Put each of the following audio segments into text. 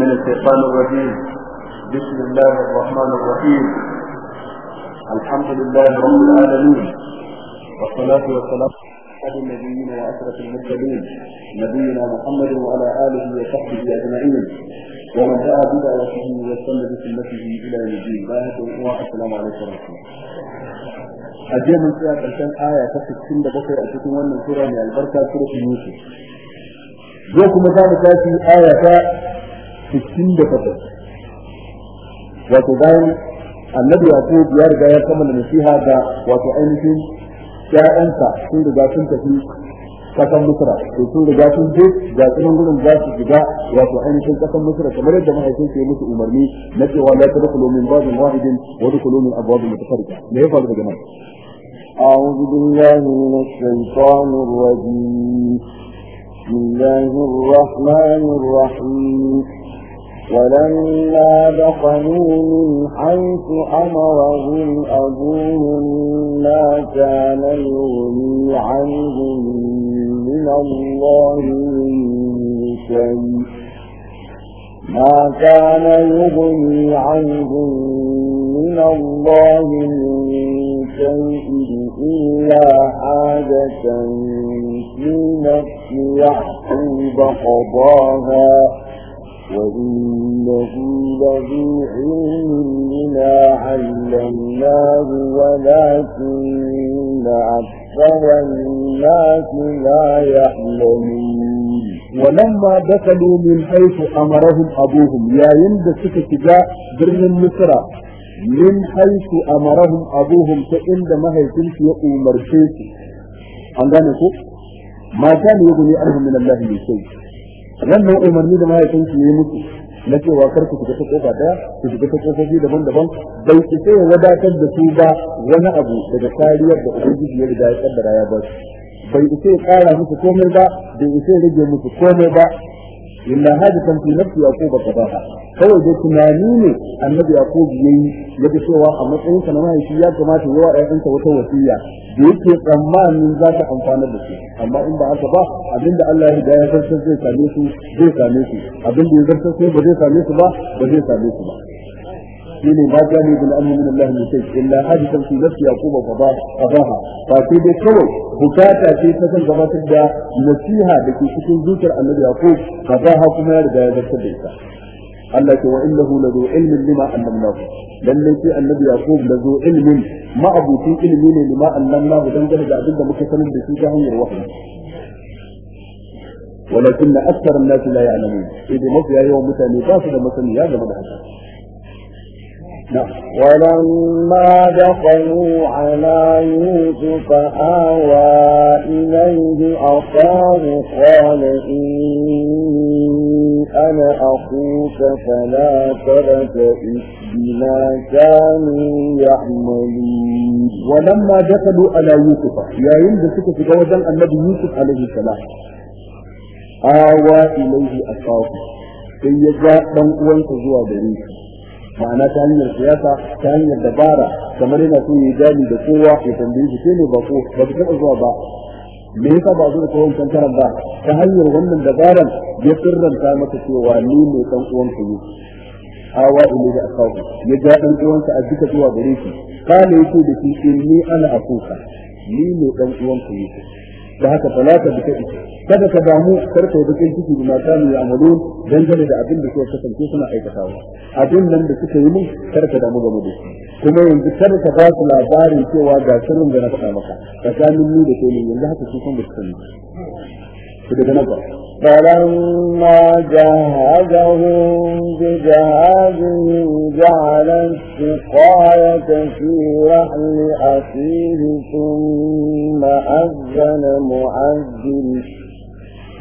من الشيطان الرجيم بسم الله الرحمن الرحيم الحمد لله رب العالمين والصلاة والسلام على نبينا وأشرف المرسلين نبينا محمد وعلى آله وصحبه أجمعين ومن دعا وصحبه وسلم بسنته إلى يوم الدين السلام عليكم ورحمة الله أجيب من سورة الآية تكتب سنة بكر أتكون من سورة من البركة سورة يوسف yau kuma za mu tashi aya ta 68 wato bayan annabi yaqub ya riga ya kammala nasiha ga wato ainihin ƴaƴansa sun riga sun tafi kasan Misra to sun riga sun je ga sunan gurin za su shiga wato ainihin kasan Misra kamar yadda mahaifin ke musu umarni na cewa la tadkhulu min babin wahidin wa dkhulu min abwabin mutafarriqa me ya faru daga nan أعوذ بالله من الشيطان الرجيم بسم الله الرحمن الرحيم ولما دخلوا من حيث أمرهم أبوهم ما كان يغني عنهم من الله شيء ما كان يغني عنهم من الله من شيء إلا حاجة لنفس يعقوب قضاها وإنه لذي علم لما علمناه ولكن أكثر الناس لا يعلمون ولما دخلوا من حيث أمرهم أبوهم يا يند سكت جاء برن مصر من حيث أمرهم أبوهم فإن ما هيتم يقوم أمر شيء نقول ma kana ne arhu min Allah min shay wannan umarni da mahaifin ki yi muku na cewa kar ku fita ta kofa daya ku fita ta kofofi daban-daban bai ki sai wadatar da su ba wani abu daga kariyar da ubangiji ya riga ya kaddara ya ba su bai isa ya kara musu komai ba bai isa ya rage musu komai ba illa hadithan fi nafsi yaqub qadaha kawai da tunani ne annabi yaqub yayi ya ga cewa a matsayinsa na mahaifi ya kamata yawa ɗayansa wata wasiya da yake tsammanin za ta amfana da shi amma in ba haka ba abinda Allah ya ga ya zartar zai same su zai same su abinda ya zartar sai ba zai same su ba ba zai same su ba شين ما كان يقول الأمر من الله من شيء إلا حدثا في نفس يعقوب فضاها فكي دي كوي بكاتا في تكن زبات الدا نسيها لكي تكون ذكر النبي يعقوب فضاها كما يرجع يذكر بيتا Allah ce wa innahu la zu ilmin lima allamnahu lalle sai annabi yaqub la zu ilmin ma abuti ilmi ne lima allamnahu dan gane da abin da muka sanar da shi ta hanyar wahayi walakin akthar an-nas la ya'lamun idan mafiya yawan mutane ba su da masaniya game da haka ولما دخلوا على يوسف آوى إليه أخاه قال إني أنا أخوك فلا تبتئس بما كانوا يعملون ولما دخلوا على يوسف يا يند سكت جوزا النبي يوسف عليه السلام آوى إليه أخاه sai ya ga ɗan uwansa zuwa gare shi ma'ana ta hanyar siyasa ta hanyar dabara kamar yana so ya jami da kowa ya tambaye shi ne ba ko ba su taɓa zuwa ba me yasa ba zuwa ta wancan karan ba ta hanyar wannan dabaran ya sirranta masa cewa ni ne dan uwan ku ne awa ile da akawu ya ja dan uwansa a duka zuwa gare shi kana yake da shi ni ana akuka ni ne dan uwan ku ne da haka talata da kai kada ka damu karka yi bakin ciki da mata mu don dangane da abin da suka kasance suna aikatawa abin nan da suka yi mun karka damu game da shi kuma yanzu kada ka ba su labarin cewa ga sirrin da na faɗa maka tsakanin ni da kai yanzu haka su san ba su sani ku daga nan ba فلما جهزهم بجهازهم جعل السقاية في رحل أخيه ثم أذن مؤذن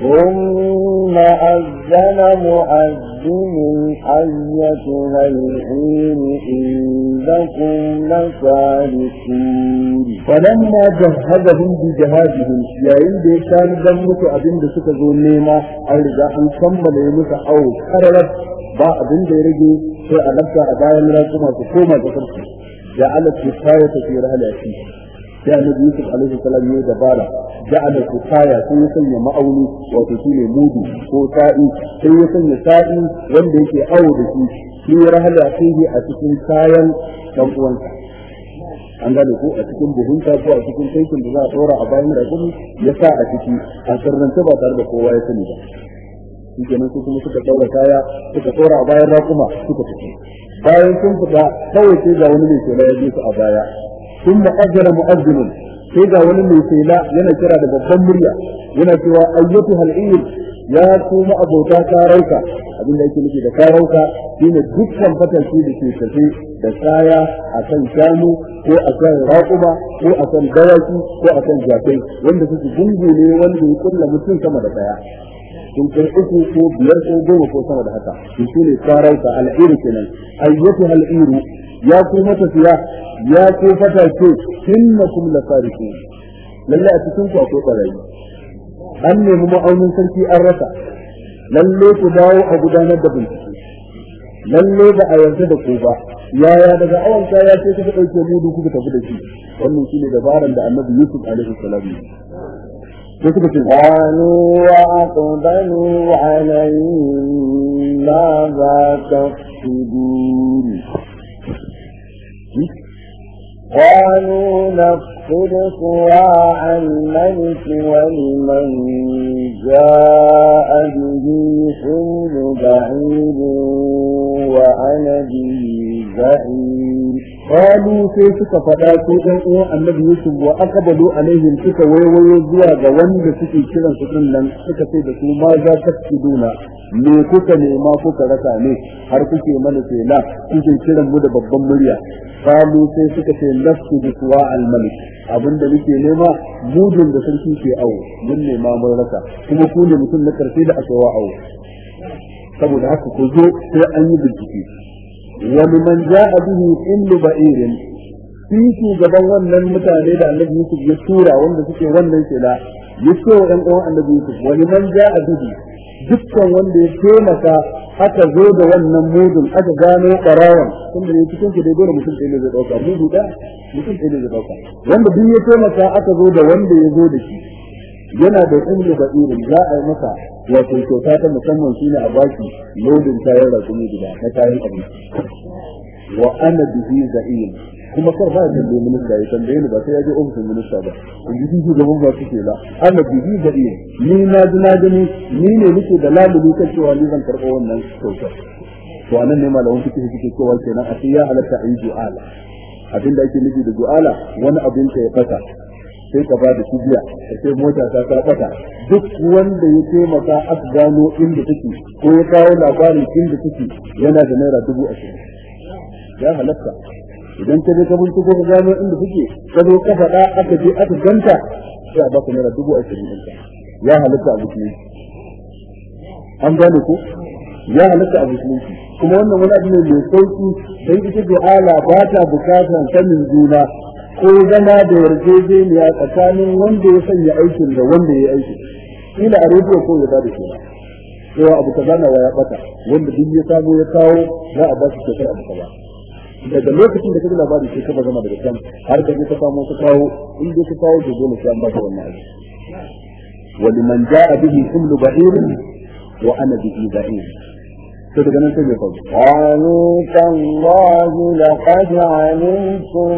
ثم أذن مؤذن حية ليحين إنكم لسالكين فلما جهزهم بجهازهم يعين بيشان دمك أبن بسك ظلما أرجع ثم تنبل أو كررت بعض ديرجي فألبت أبايا من الكما تقوم بكرك جعلت كفاية في رهل أكيد كان يوسف عليه السلام يوجد بارك ja'ala kifaya sai ya sanya ma'auni wato shine mudu ko sa'i sai ya sanya sa'i wanda yake awo da shi shi rahala fihi a cikin kayan dan uwansa an gane ko a cikin buhunta ko a cikin taikin da za a tsora a bayan rakumi ya sa a ciki a sirrance ba tare da kowa ya sani ba shi kenan su kuma suka ɗaura kaya suka tsora a bayan rakuma suka fita bayan sun fita kawai sai ga wani mai kela ya su a baya ثم أجر مؤذن sai ga wani mai sela yana kira da babban murya yana cewa ayyatu hal'ir ya kuma abota karauka abin da yake nufi da karauka shine dukkan fataki da ke tafe da kaya a kan shanu ko a kan raƙuma ko a kan dawaki ko a kan jakai wanda suke gungu ne wanda ya kulla mutum sama da kaya sun kai uku ko biyar ko goma ko sama da haka shi shine sarauta al'iru kenan ayyatu al'iru ya ku siya ya ku fata ce innakum la sariku lalle a cikin ku akwai barayi an nemi ma'aunin sarki an rasa lalle ku dawo a gudanar da bincike lalle ba a yarda da ku ba yaya daga awon ya sai kuka ɗauke mudu kuka tafi da shi wannan shine dabaran da annabi yusuf alaihi salam قالوا وأقبلوا عليهم ماذا تفسدون قالوا نفقد صواع الملك ولمن جاء به حمل بعيد وأنا به زعيم qalu sai suka faɗa ko dan uwan annabi yusuf wa aqbalu alaihim suka wayo zuwa ga wanda suke kiran su din nan suka ce da su ma za ta kiduna me kuka nema kuka rasa ne har kuke mana tsela kuke kiran mu da babban murya qalu sai suka ce nafsu bi suwa al malik abinda muke nema mudun da sarki ke awo mun nema mun rasa kuma ku ne mutum na karshe da aka awo saboda haka ku zo sai an yi bincike wani man ja'a bihi kullu ba'irin shi shugaban wannan mutane da annabi Yusuf ya tura wanda suke wannan shela ya ce wa ɗan uwan annabi Yusuf wani man ja'a bihi dukkan wanda ya taimaka aka zo da wannan mudun aka gano ƙarawan tunda ne cikin ku daidai da mutum ɗaya zai ɗauka mudu da mutum ɗaya zai ɗauka wanda duk ya taimaka aka zo da wanda ya zo da shi yana da ilmi da irin za a yi masa wato kyauta ta musamman shine a baki lodin da rakumi gida na tayar kayan abinci wa ana bihi za'im kuma kar ba da minista ya tambaye ni ba sai ya je ofishin minista ba in ji shi gaban ba su ke la ana bihi za'im ni na ji na gani ni ne nake da lalumi kan cewa ni zan karɓo wannan kyautar to anan ne malamin fikihi suke cewa kenan a sai ya halatta a yi du'ala abinda ake nufi da du'ala wani abin ka ya fasa. sai ka bada biya ka ce mota ta ta duk wanda ya taimaka aka gano inda take ko ya kawo labarin inda take yana da naira dubu ashirin ya halatta idan ka je ka binciko ka gano inda take ka zo ka faɗa aka je aka ganta sai a baka naira dubu ashirin ɗinka ya halatta a musulunci an gane ku. ya halatta a musulunci kuma wannan wani abu ne mai sauki don ita da ala ba ta bukatan sanin juna ko zama da yarjejeniya tsakanin wanda ya sanya aikin da wanda ya yi aikin ila a rediyo ko ya bada shi cewa abu kaza na waya bata wanda duk ya samu ya kawo za a ba shi shekar abu kaza daga lokacin da kaga labari sai ka zama daga can har da je ka samu ka kawo in dai ka kawo to dole sai an ba ka wannan abu ولمن جاء به حمل بعير وأنا به بعير sai daga nan sai bai faru. Wani kan da kaji alimkin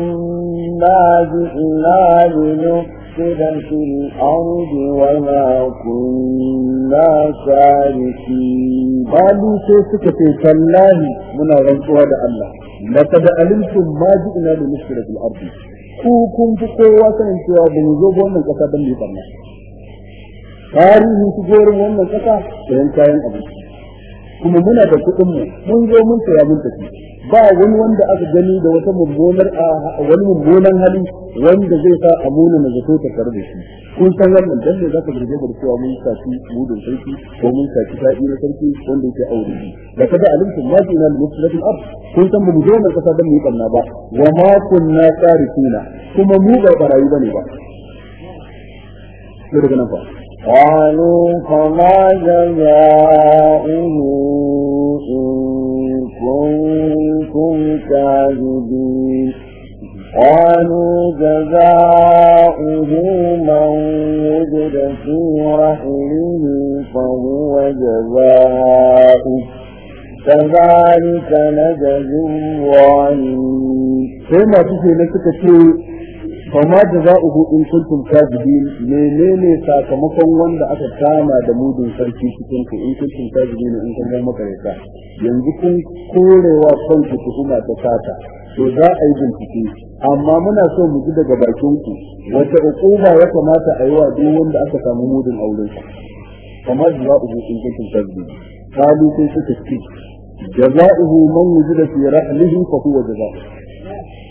gwazi ina gini sidan shiri an ji wani kun na shari shi. sai suka fi tallani muna rantsuwa da Allah. Na kaji alimkin ma ina da mishi da al'adu. Ku kun fi kowa sanin cewa ba mu zo ga wannan ƙasa ba ne ba. Tarihin su kayan abinci. kuma muna da kuɗin mu mun zo mun saya mun tafi ba wani wanda aka gani da wata mummunar wani mummunan hali wanda zai sa a muna na zato ta karbe shi kun san wannan dan ne zaka burge mu cewa mun saki mudun sarki ko mun saki sa'i na sarki wanda yake aure shi da kada alimtum ma fi nal mufsidil ard kun san mu zo mun kasa dan mu yi banna ba wa ma kunna tsarikuna kuma mu ba barayi bane ba daga nan fa قالوا فما جزاؤه إن كنتم كاذبين قالوا جزاؤه من وجد في رحله فهو جزاؤه كذلك نجزي الظالمين ثم تسألك تسألك za jaza'uhu in kuntum kadibin menene sakamakon wanda aka kama da mudun sarki cikin ku in kuntum ne in kun zama makareta yanzu kun korewa kanku tuhuma ta sata to za a yi bincike amma muna so mu ji daga bakin ku wata hukuma ya kamata a yi wa duk wanda aka samu mudun aure za jaza'uhu in kuntum kadibin kalu sai suka ce jaza'uhu man wujida fi rahlihi fa huwa jaza'uhu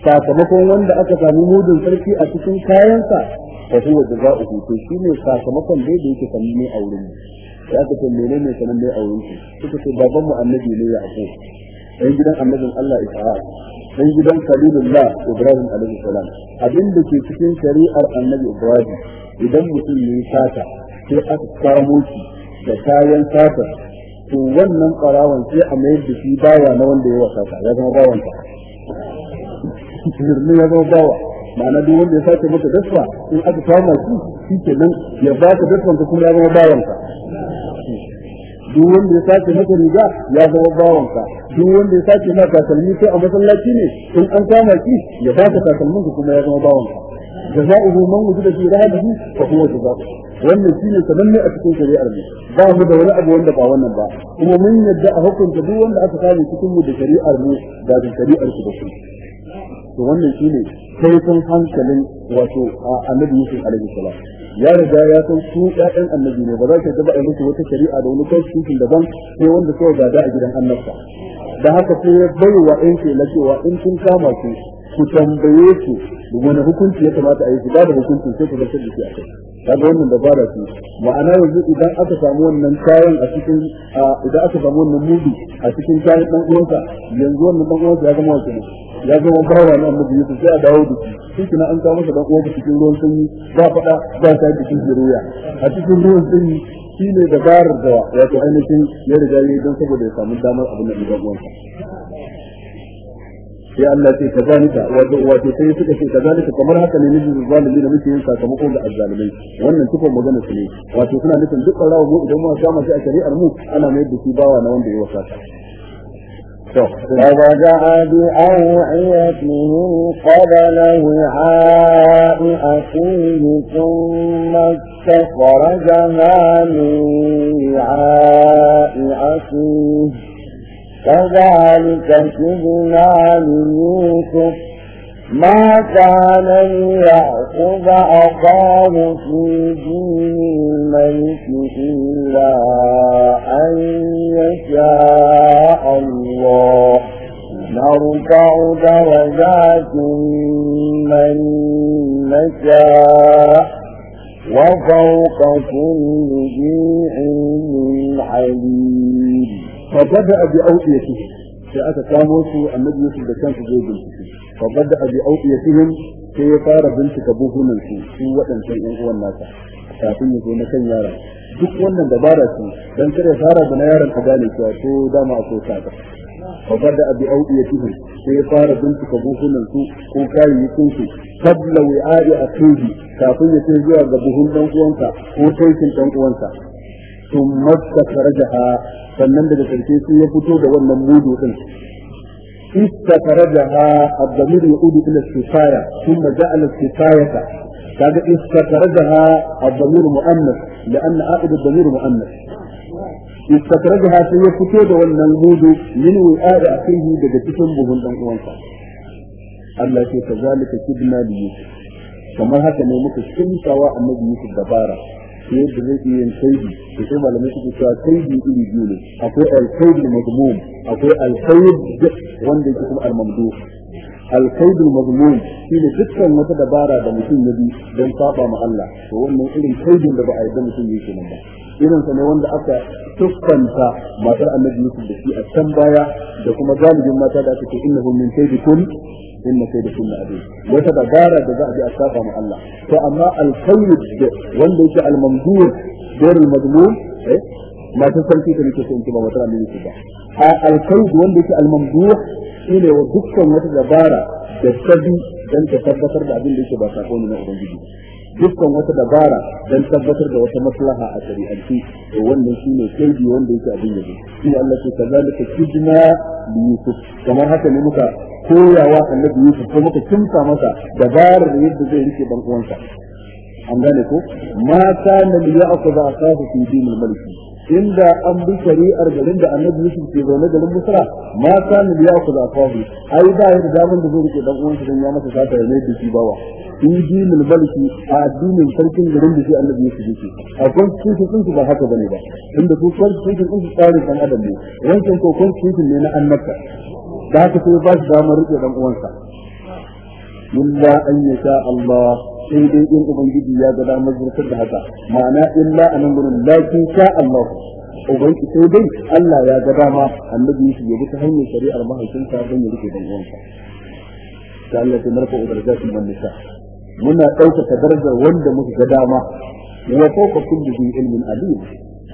sakamakon wanda aka samu mudun sarki a cikin kayansa fa huwa jazaohu to shine sakamakon dai da yake sanin ne a wurin sai aka ce menene sanin ne a wurin ku suka ce baban mu annabi ne ya ako dan gidan annabin Allah Isa dan gidan Khalilullah Ibrahim alaihi salam abin da ke cikin shari'ar annabi Ibrahim idan mutum ne sata sai aka samu shi da kayan sata to wannan karawan sai a mayar da shi baya na wanda ya wasa ya zama bawan sa birnin ya zama bawa ma'ana duk wanda ya sace maka daswa in aka kama shi shi ke nan ya ba ka daswan ka kuma ya zama bawanka duk wanda ya sace maka riga ya zama bawanka duk wanda ya sace maka takalmi ko a masallaci ne in an kama shi ya ba ka takalmin ka kuma ya zama bawanka jaza'uhu man wujida fi rahadihi fa huwa jaza'uhu wannan shine ne a cikin shari'ar mu ba mu da wani abu wanda ba wannan ba kuma mun yadda a hukunta duk wanda aka kame cikin mu da shari'ar mu ba da shari'ar su ba to wannan shine kaifin hankalin wato annabi Yusuf alaihi salam ya riga ya san su ƴaƴan annabi ne ba za ka ga ba musu wata shari'a da wani constitution daban sai wanda kawai gada a gidan annabta da haka sai ya bai wa ɗan ke na cewa in kun kama ku ku tambaye ku wani hukunci ya kamata a yi su ba da hukunci sai ku zartar da a kai kaga wannan dabara ce ma'ana yanzu idan aka samu wannan kayan a cikin idan aka samu wannan mudu a cikin kayan dan uwansa yanzu wannan dan uwansa ya zama wakili ya zama bawa na annabi Yusuf sai a dawo da shi shi an kawo masa dan uwansa cikin ruwan sanyi ba fada ba ta cikin jiruya a cikin ruwan sanyi shi ne dabarar da wato ainihin ya riga yi don saboda ya samu damar abin da ɗan uwansa sai Allah ce kazalika wato sai suka ce kazalika kamar haka ne nijin zalimi da muke yin sakamako ga azzalimai wannan tukun magana su ne wato suna nufin duk rawa mu idan muka kama shi a shari'ar mu ana mai da shi bawa na wanda ya wasa فرجع بأوعيتهم قبل وعاء أخيه ثم استخرجها من وعاء أخيه كذلك كدنا ليوسف ما كان ليأخذ أخاه في دين الملك إلا أن يشاء الله نرفع درجات من نشاء وفوق كل ذي علم عليم fa bada bi awqiyatihi sai aka kamo su annabi Yusuf da kansa zai bincike fa bada bi awqiyatihim sai ya fara bincika buhunan su su waɗancan ƴan uwan nasa kafin ya zo na kan yaran duk wannan dabara su dan kare fara da na yaran ka gane cewa to dama akwai saka fa bada bi awqiyatihim sai ya fara bincika buhunan su ko kayayyakin su qabla wi'a'i akhihi kafin ya kai zuwa ga buhun dan uwansa ko taikin dan uwansa ثم استخرجها sannan daga karshe sai ya fito da wannan mudu din استخرجها الضمير يعود الى الكفايه ثم جعل الكفايه كذا استخرجها الضمير مؤنث لان عائد الضمير مؤنث استخرجها sai ya fito da wannan mudu min wi'ada akhihi daga cikin buhun dan uwansa Allah ke kazalika kidna li kamar haka ne muka kintawa annabi Yusuf dabara yadda zai iya yin kaidi to sai malamai suke cewa kaidi iri biyu ne akwai alkaidul mazmum akwai alkaid wanda yake kuma almamdu alkaidul mazmum shine dukkan wata dabara da mutum ya bi don saba ma Allah to wannan irin kaidin da ba a yarda mutum yake nan ba irin sa ne wanda aka tukkanta matar annabi Yusuf da shi a can baya da kuma galibin mata da aka ce innahum min kaidikum إن كيد كل أبيه وتبا دارا جزاء دي أشافا مع الله فأما الخير وانده جاء الممدور دور المضمون إيه؟ ما تسلتي تنكي سنتي ما وطرع مني سبا الخير وانده جاء الممدور إلي وذكا وتبا دارا جسدي دان تسبتر بعدين ليش باساقوني نعبان جديد dukkan wata dabara don tabbatar da wata maslaha a shari'arci to wannan shine kaidi wanda yake abin yabo shi Allah ke kazalika kijna li yusuf kamar haka ne muka koyawa annabi yusuf ko muka kimsa masa dabarar yadda zai rike ban uwansa an gane ko ma kana li ya'khudha asahu fi dinil maliki inda an bi shari'ar garin da annabi Yusuf ke zaune garin Misra ma kana liya ku da fahu ai ba yadda daman da zai rike dan uwan shi dan ya masa sata ya mai da shi bawa in min balki a addinin sarkin garin da shi annabi Yusuf yake a constitution din su ba haka bane ba inda su constitution din su tsarin kan adam ne wancan ko cikin ne na annabta da haka sai ba shi damar rike dan uwansa illa an yasha Allah sai dai in ubangiji ya ga damar zartar da haka ma'ana illa a nan gurin lakin sha Allah ubangiji sai dai Allah ya ga dama annabi yake yabi ta hanyar shari'ar mahaifinsa don ya rike dan uwansa ta Allah ta narka udarjatin man nisa muna ɗaukaka darajar wanda muka ga dama wa fawqa kulli dhi ilmin alim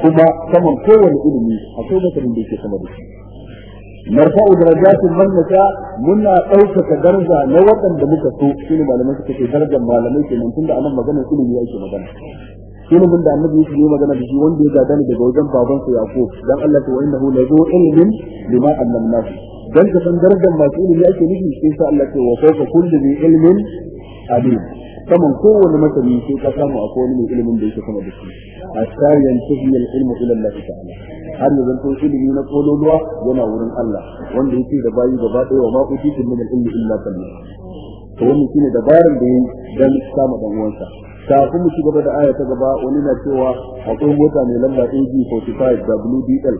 kuma saman kowane ilimi akwai mutanen da yake sama da shi narfa'u darajatin man nasha muna ɗaukaka daraja na waɗanda muka so shine malamai suka ce darajar malamai kenan tunda anan magana su ilimi yake magana ilimin da annabi yake magana da shi wanda ya gada ne daga wajen baban sa Yaqub dan Allah ta wa innahu la zu ilmin lima annamna dan ka san darajar masu ilimi ake nufi sai sa Allah ce wa fawqa kulli bi ilmin alim kaman kowane masani sai ka samu akwai wani mai ilimin da yake kama da shi asariyan tahyil ilmu ila Allah ta'ala har yanzu zanto ilimi na kololuwa yana wurin Allah wanda yake da bayi gaba ɗaya wa ma utitu min al-ilmi illa qalil to wannan shine dabarar da yayi dan kama dan uwansa kafin mu ci gaba da aya ta gaba wani na cewa akwai mota mai lamba AG45 WDL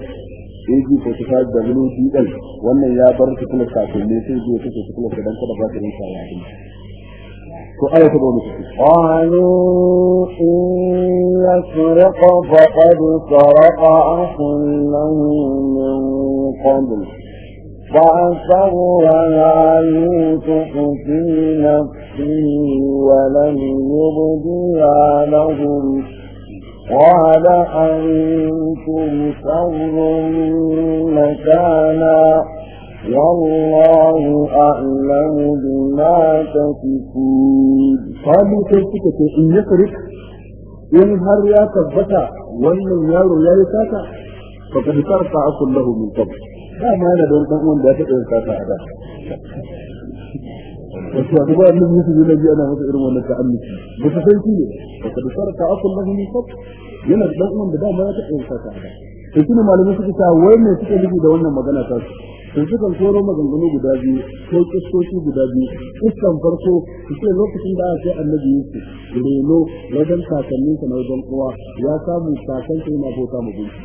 AG45 WDL wannan ya bar su kuma kafin ne sai zai kace su kuma dan kada ba su rinka yayin ko aya ta gomi kafi. Wani ila sarrafa faɗaɗin sarrafa a sunan nan Ba a sabo wa rayu ta kufi na fi wala ne ne bu biya na guri. Wada an kuma sauran makana. والله أعلم بما تصفون قالوا كيف إن يسرق إن هر يا تبتا وإن يارو يا يساتا فقد ترفع له من قبل لا ما أنا دون تقوم لا تقوم ساتا هذا wasu wasu ba annabi yusuf yana ji ana masa irin wannan ta'annuci ba ta sai ne ba ta ta akul lahu min yana da dan uwan da dama ya ta tsaye ta ta da to shine malamai suka ta wai me suke nufi da wannan magana ta su to kan koro maganganu guda biyu ko kiskoki guda biyu iskan farko su ce lokacin da aka annabi yusuf reno wajen kakannin sa na wajen kowa ya samu kakan sa yana bauta mu gunki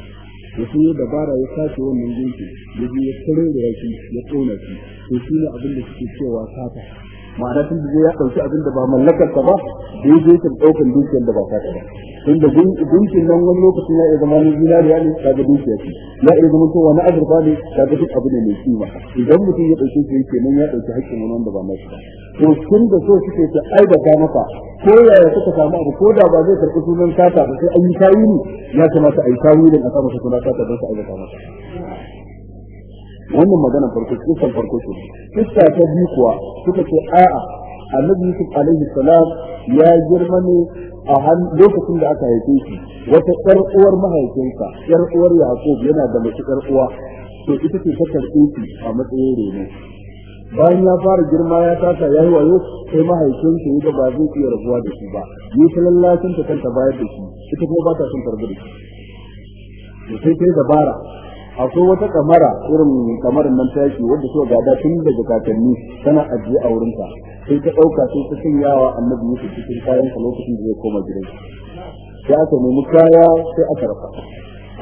da su dabara ya sace wannan gunki da ya kare da yaki ya tsona shi to shi ne abin da suke cewa kata ma'ana tun da ya ɗauki abin da ba mallakar ka ba da je ta ɗaukan dukiyar da ba ta ba tun da dukiyar nan wani lokacin ya iya zama ni zinariya ne ta ga dukiya ce ya iya zama ko wani azurfa ne ta ga duk abu ne mai kima idan mutum ya ɗauki shi yake nan ya ɗauki haƙƙin wani wanda ba mai ba to tun da so suke ta aibata maka ko yaya suka samu abu ko da ba zai karɓi sunan sata ba sai an yi tayini ya kamata a yi tayinin a sa masa sunan sata don su aibata maka wannan magana farko kisan farko ce kissa ta biyu kuwa suka ce a'a annabi yusuf alaihi salam ya girma ne a lokacin da aka haife shi wata ƴar uwar mahaifinsa ƴar uwar yaqub yana da mace ƴar uwa to ita ce ta karɓe shi a matsayin reno bayan ya fara girma ya tasa ya yi wayo sai mahaifinsa shi da ba zai iya rabuwa da shi ba yi ta lallacin ta kanta bayar da shi ita kuma ba ta son tarbi da shi sai sai dabara akwai wata kamara irin kamarin nan tashi wanda suka gada tun daga kakanni tana ajiye a wurinta sai ta ɗauka sai ta yawa annabi Yusuf cikin kayan sa lokacin da ya koma gidan sai aka nemi kaya sai aka rafa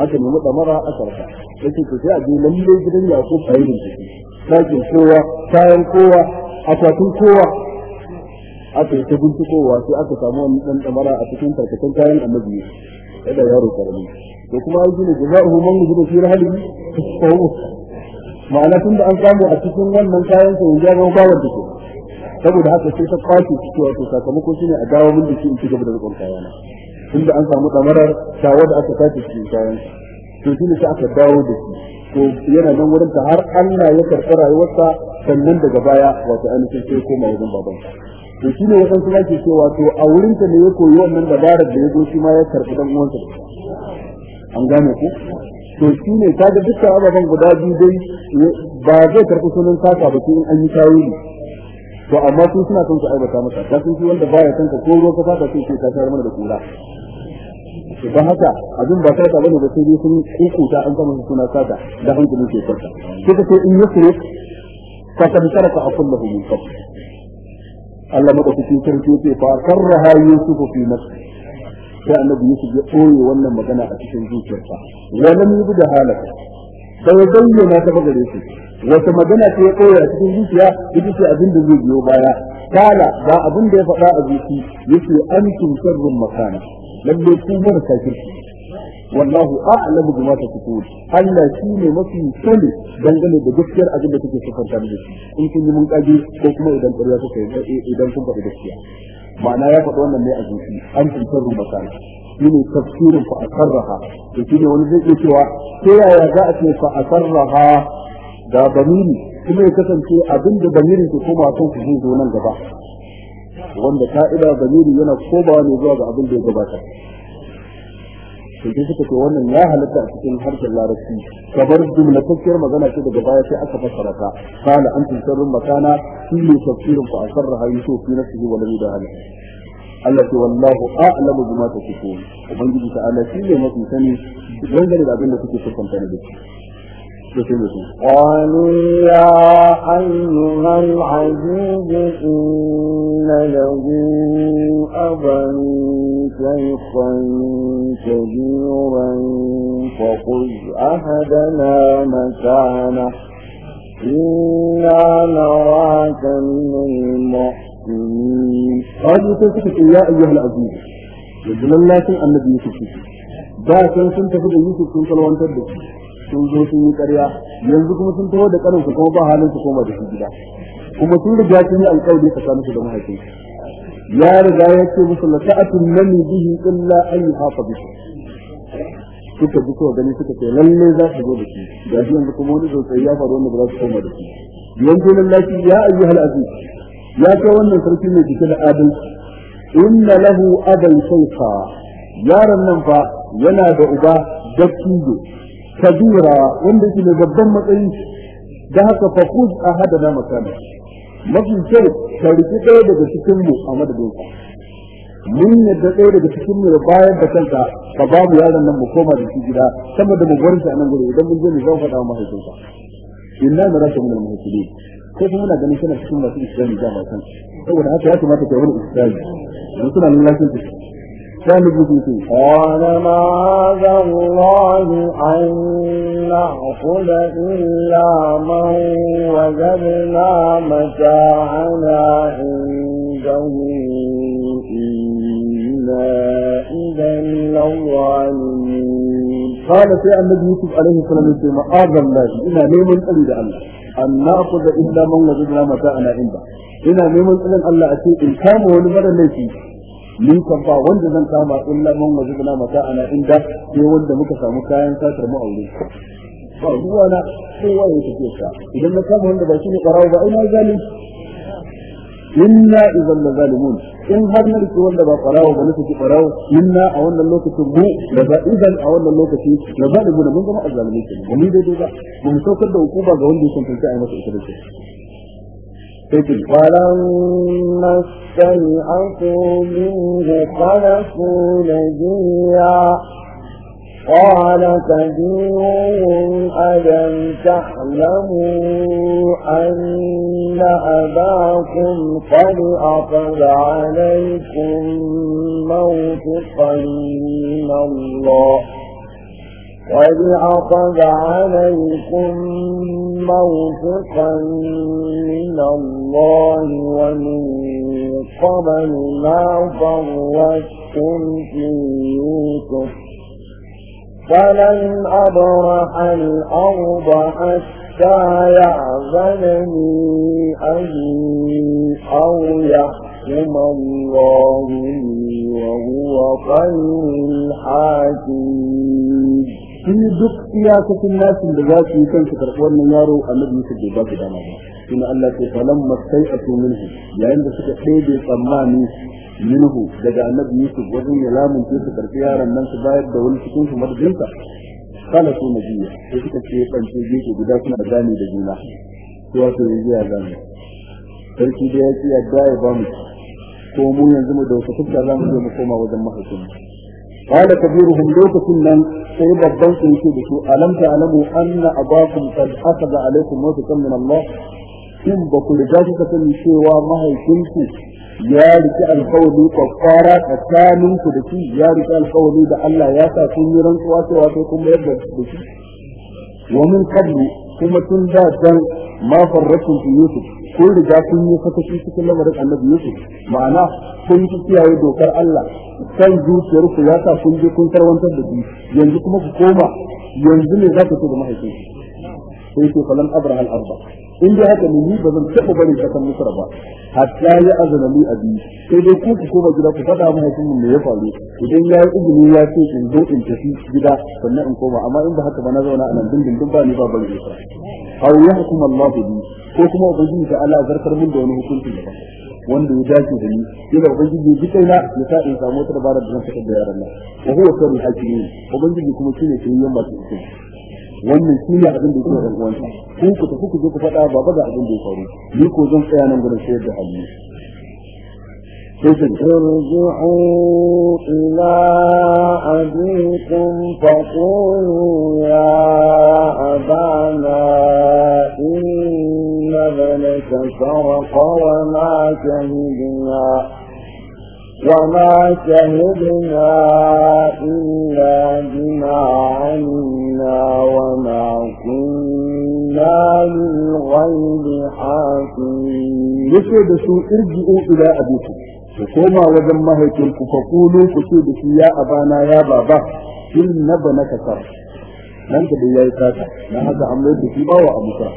aka nemi kamara aka rafa yake to sai a je lalle gidan Yakub a yi ciki ɗakin kowa kayan kowa akwatin kowa aka yi ta bincikowa sai aka samu wani ɗan damara a cikin tarkacen kayan annabi kada yaro karami to kuma an gina jaza'uhu man gina fi rahalihi fahu ma'ana tun da an samu a cikin wannan kayan sa ya ga bawar da ke saboda haka sai ta kwace cewa wato sakamako shine a dawo min da shi in ci gaba da rikon kayana tun da an samu damarar shawar da aka tace cikin kayan to shine sai aka dawo da shi to yana nan wurin ta har Allah ya karɓi rayuwarsa sannan daga baya wato ainihin sai koma wajen babansa to shi ne wasan za ke cewa to a wurinta ne ya koyi wannan dabarar da ya zo shi ma ya karɓi don uwansa an gane ku to shi ne ta ga dukkan ababen guda biyu dai ba zai karɓi sunan saka ba ke in an yi tawili to amma sun suna son su aibata masa ta sun shi wanda ba ya ka ko ruwa ka fata sai ka tayar mana da kura don haka abin ba ba ne ba sai sun kukuta an kama su suna sata da hankali ke sarka sai ka ce in yusuf ka kan ka a kullahu min qabl Allah madaukakin sarki yace fa karraha yusuf fi nafsi sai annabi yusuf ya ɓoye wannan magana a cikin zuciyarsa wani bi da halaka da ya bayyana ta bagare shi wata magana ce ya ɓoye a cikin zuciya ita ce abin da zai biyo baya kala ba abin da ya faɗa a zuci an antum sharrun makana lalle ku mara kafirci wallahu a'lamu bima tasifun Allah shi ne mafi sani dangane da gaskiyar abin da kuke sifanta da shi in kun yi mun kaji ko kuma idan ƙarya kuka yi eh, eh, idan kun faɗi gaskiya ma'ana ya faɗi wannan ne a zuci an tuntar rubakana shi ne tafsirin fa asarraha da shi ne wani zai iya cewa ta yaya za a ce fa asarraha da bamiri kuma ya kasance abin da bamirin ke koma kan ku zai zo nan gaba wanda ka'ida bamiri yana kobawa ne zuwa ga abin da ya gabata to sai suka ce wannan ya halatta a cikin harshen larabci kamar jumlatakkiyar magana ce daga baya sai aka fassara ta kana an tuntarun makana shi ne tafsirin fa asarra hayyu na nafsihi wa da yudahal Allah ce wallahu a'lamu bima tasifun ubangiji ta Allah shi ne mafi sani dangane da abin da kuke sukanta da shi قالوا يا أيها العزيز إن له أبا شيخا كبيرا فخذ أهدنا مكانه إنا نراك من المحسنين قالوا تسكت يا أيها العزيز يجب الله أن النبي يسكت ذاك سنتفد يوسف سنتلوان تدفت sun zo sun yi ƙarya yanzu kuma sun taho da ƙanin su kuma ba halin su koma da su gida kuma sun riga sun yi alƙawari tsakanin su da mahaifin ya riga ya ce musu la ta'atun nami bihi illa an yi yuhafa bihi suka ji kowa gani suka ce lalle za su zo da shi ga shi yanzu kuma wani sosai ya faru wanda ba za su koma da shi yanzu lallashi ya ayyuhal aziz ya ce wannan sarki mai cike da adalci inna lahu aban shayka yaron nan fa yana da uba da dattijo kabira wanda yake da babban matsayi da haka a hada ahadana makana mafi kyau ka riki ɗaya daga cikin mu a madadin mun yadda ɗaya daga cikin mu bayan da kanka ka ba mu yaron nan mu koma da shi gida saboda mu bar shi a nan gudu idan mun je mu zan faɗa wa mahaifinsa inna na rasa mun mahaifin ko kuma muna ganin kana cikin masu islami jama'a kan saboda haka ya kamata ka yi wani islami don suna nan lafiyar ثالث قال معاذ الله أن نأخذ إلا من وجدنا متاعنا عنده إنا إذا لظالمين قال في النبي يوسف عليه السلام يقول معاذ الله إنا نيم أريد الله أن نأخذ إلا من وجدنا متاعنا عنده إنا نيم أريد الله أتي إن كان ولد ليس ni kan ba wanda zan kama illa man na mata ana inda sai wanda muka samu kayan satar mu aure ba ruwa na sai waye tafi sa idan na kama wanda ba shi ne karawa ba ina zalim inna idan la zalimun in har na rike wanda ba karawa ba na tafi karawa inna a wannan lokacin mu da ba idan a wannan lokacin la zalimun mun zama azzalimai kenan ba mu dai-dai ba Mun saukar da hukuma ga wanda ya tantance a masa ita da shi. ولما استيأسوا منه خلفوا نجيا قال كبيرهم ألم تعلموا أن أباكم قد أخذ عليكم موثقا من الله قد عقد عليكم موثقا من الله ومن قبل ما ضرتم في يوسف فلن أبرح الأرض حتى يعزل لي أبي أو يحكم الله لي وهو خير الحاكمين shi duk iyakacin nasin da za su yi kansu karɓi wannan yaro annabi Yusuf bai ba su dama ba kuma Allah ke falan masai a minhu yayin da suka ɗebe tsammani minhu daga annabi Yusuf wajen ya lamunce su karɓi yaron nan su bayar da wani cikin su madadinsa kala su majiya da suka ce ɓance gefe guda suna gane da juna sai wato yanzu ya gane sarki da ya ce ya ba mu ko mu yanzu mu da wata fuska za mu je mu koma wajen mahaifinmu qala kabiruhum lokacin nan sai babban su yake da su alam ta alamu anna abakum qad akhadha alaykum mawtukan min Allah in ba ku riga kuka sani cewa mahaifinku ya riki alkawali kwakwara tsakaninku da shi ya riki alkawali da Allah ya sa kun yi rantsuwa cewa sai kun bayar da shi wa min qablu kuma tun da dan ma farratun fi yusuf kun riga kun yi sakaci cikin lamarin annabi yusuf ma'ana kun ji kiyaye dokar Allah kan zuciyar ku ya sa kun je kun tarwantar da shi yanzu kuma ku koma yanzu ne za ku ce da mahaifin sai ce falan abrahal arba in dai haka ni ba zan taɓa barin kasan Misr ba hatta ya azana li abi sai dai ku ku koma gida ku faɗa mahaifin mu me ya faru idan ya yi izini ya ce in zo in tafi gida sannan in koma amma in ba haka ba na zauna a nan dindindin ba ni ba barin hau ya hukuma Allah bi ko kuma ubangiji ta ala zartar min da wani hukunci daban wanda ya dace da ni yana ubangiji duk kaina ya sa in samu wata dabara da zan fitar da yaran nan wa huwa sharru hakimin ubangiji kuma shine shiriyan masu hikima wannan shi abin da yake da uwansa ku ku tafi ku je ku faɗa baba ga abin da ya faru ni ko zan tsaya nan gurin sayar da hali ارجعوا إلى أبيكم فقولوا يا أبانا إن ذلك سرق وما شهدنا وما شهدنا إلا بما علمنا وما كنا للغيب حاكمين يسوى بسوء ارجعوا إلى أبيكم فكما وجم مهيكم فقولوا كسوء بسوء يا أبانا يا بابا إن نبنك سرق nan da ya yi sata na haka amlai da shi bawa abu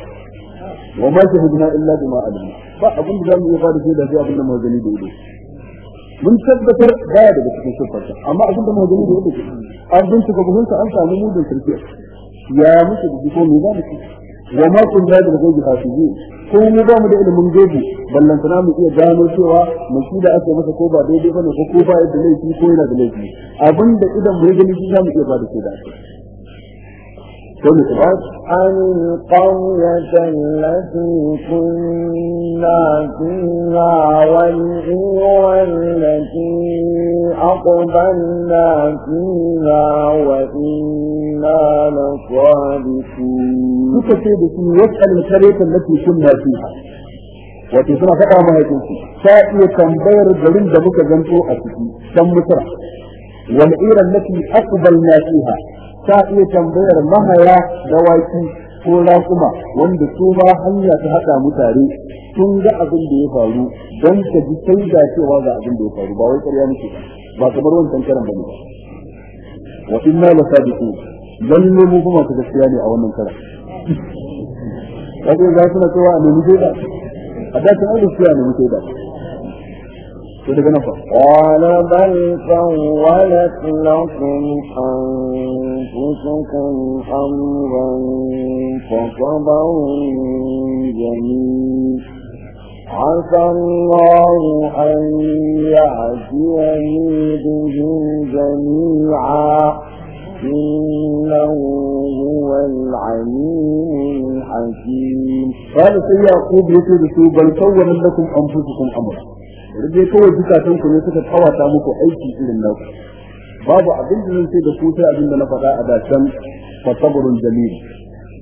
wa ma shahidna illa bima alim ba abin da zamu yi ba da shi da da mu gani da mun tabbatar baya daga cikin sifarsa amma abin da mu gani da an bincika buhunta an samu mudin sarki ya muke da ko me za mu ci wa ma kun da daga gaibi hafizin ko mu ba mu da ilimin gaibi ballan tana mu iya gano cewa mu da ake masa ko ba daidai bane ko ba yadda ko yana da laifi abin da idan mu gani mu iya ba da واسأل القرية التي كنا فيها والإيوة التي أقبلنا فيها وإنا لصادقون كتير بكي واسأل القرية التي كنا فيها wato suna faɗa mahaifinsu ta iya tambayar garin da muka zanto a ciki dan mutura wal iran lati aqbalna fiha ta iya tambayar mahaya dawaki ko raƙuma wanda su ma hanya ta haɗa mutare, tun sun ga abin da ya faru don ta ji da cewa ga abin da ya faru ba wai ƙarya nake ba kamar wancan karan bane ba wa inna la sadiqu ne mu kuma ka gaskiya ne a wannan karan kaje za su na cewa a nemi da. a da ta gaskiya ne mu da. قال بل سولت لكم أنفسكم أمرا فصبر جميل عسى الله أن يأتيني بهم جميعا إنه هو العليم الحكيم قال سيعقوب يقول بل سولت لكم أنفسكم أمرا rage kawai zukatan ku ne suka tsawata muku aiki irin nan babu abin da zan sai da ku sai abin da na faɗa a da can fasabrun jamil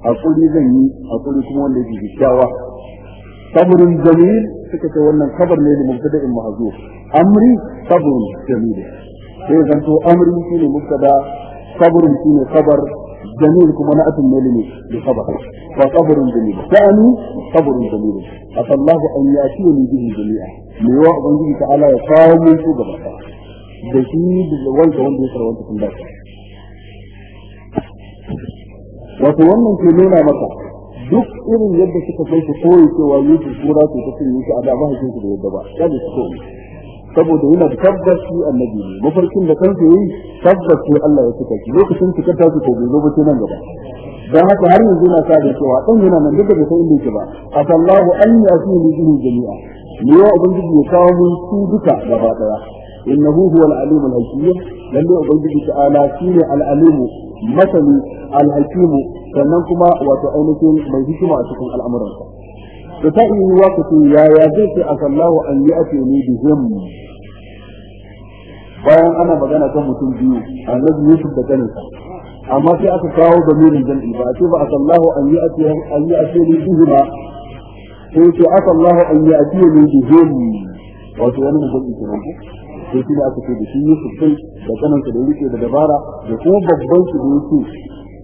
hakuri zan yi hakuri kuma wanda yake kyakkyawa sabrun jamil suka ce wannan kabar ne da in mahzu amri sabrun jamil sai zan to amri shine mubtada sabrun shine kabar جميل كما نأت الميلمي بصبر وصبر جميل ثاني صبر جميل أتى الله أن يأتيني به جميعا لواء بنجي تعالى يقام من سوق بقى بشيد والد وانت يسر وانت كنبات وتوانا في نونا مكة دوك إذن yadda شكا kai su koyi cewa yusuf kura ce ta cin yusuf a da ba saboda yana da tabbas shi annabi ne mafarkin da kansa yayi tabbas shi Allah ya saka shi lokacin cikar ta ko bai zo nan gaba dan haka har yanzu yana sa da cewa dan yana nan duka da sai inda yake ba afallahu an yasini bihi jami'a ne ya ubangiji ya kawo mun su duka gaba daya innahu huwa al-alim al-hakim lalle ubangiji ta'ala shine al-alim masali al-hakim sannan kuma wato ainihin mai hikima a cikin al'amuransa da ta yi wa ku ce yaya zai ce a sallahu an yi ake ne da him bayan ana magana kan mutum biyu an annabi yusuf da kaninsa amma sai aka kawo damirin jam'i ba a ce ba a sallahu an yi ake an yi ake ne da hima sai ce a sallahu an yi ake ne da him wato wani mutum ke nan sai shi ne aka ce da shi yusuf sai da kaninsa da yake da dabara da kuma babban su da yake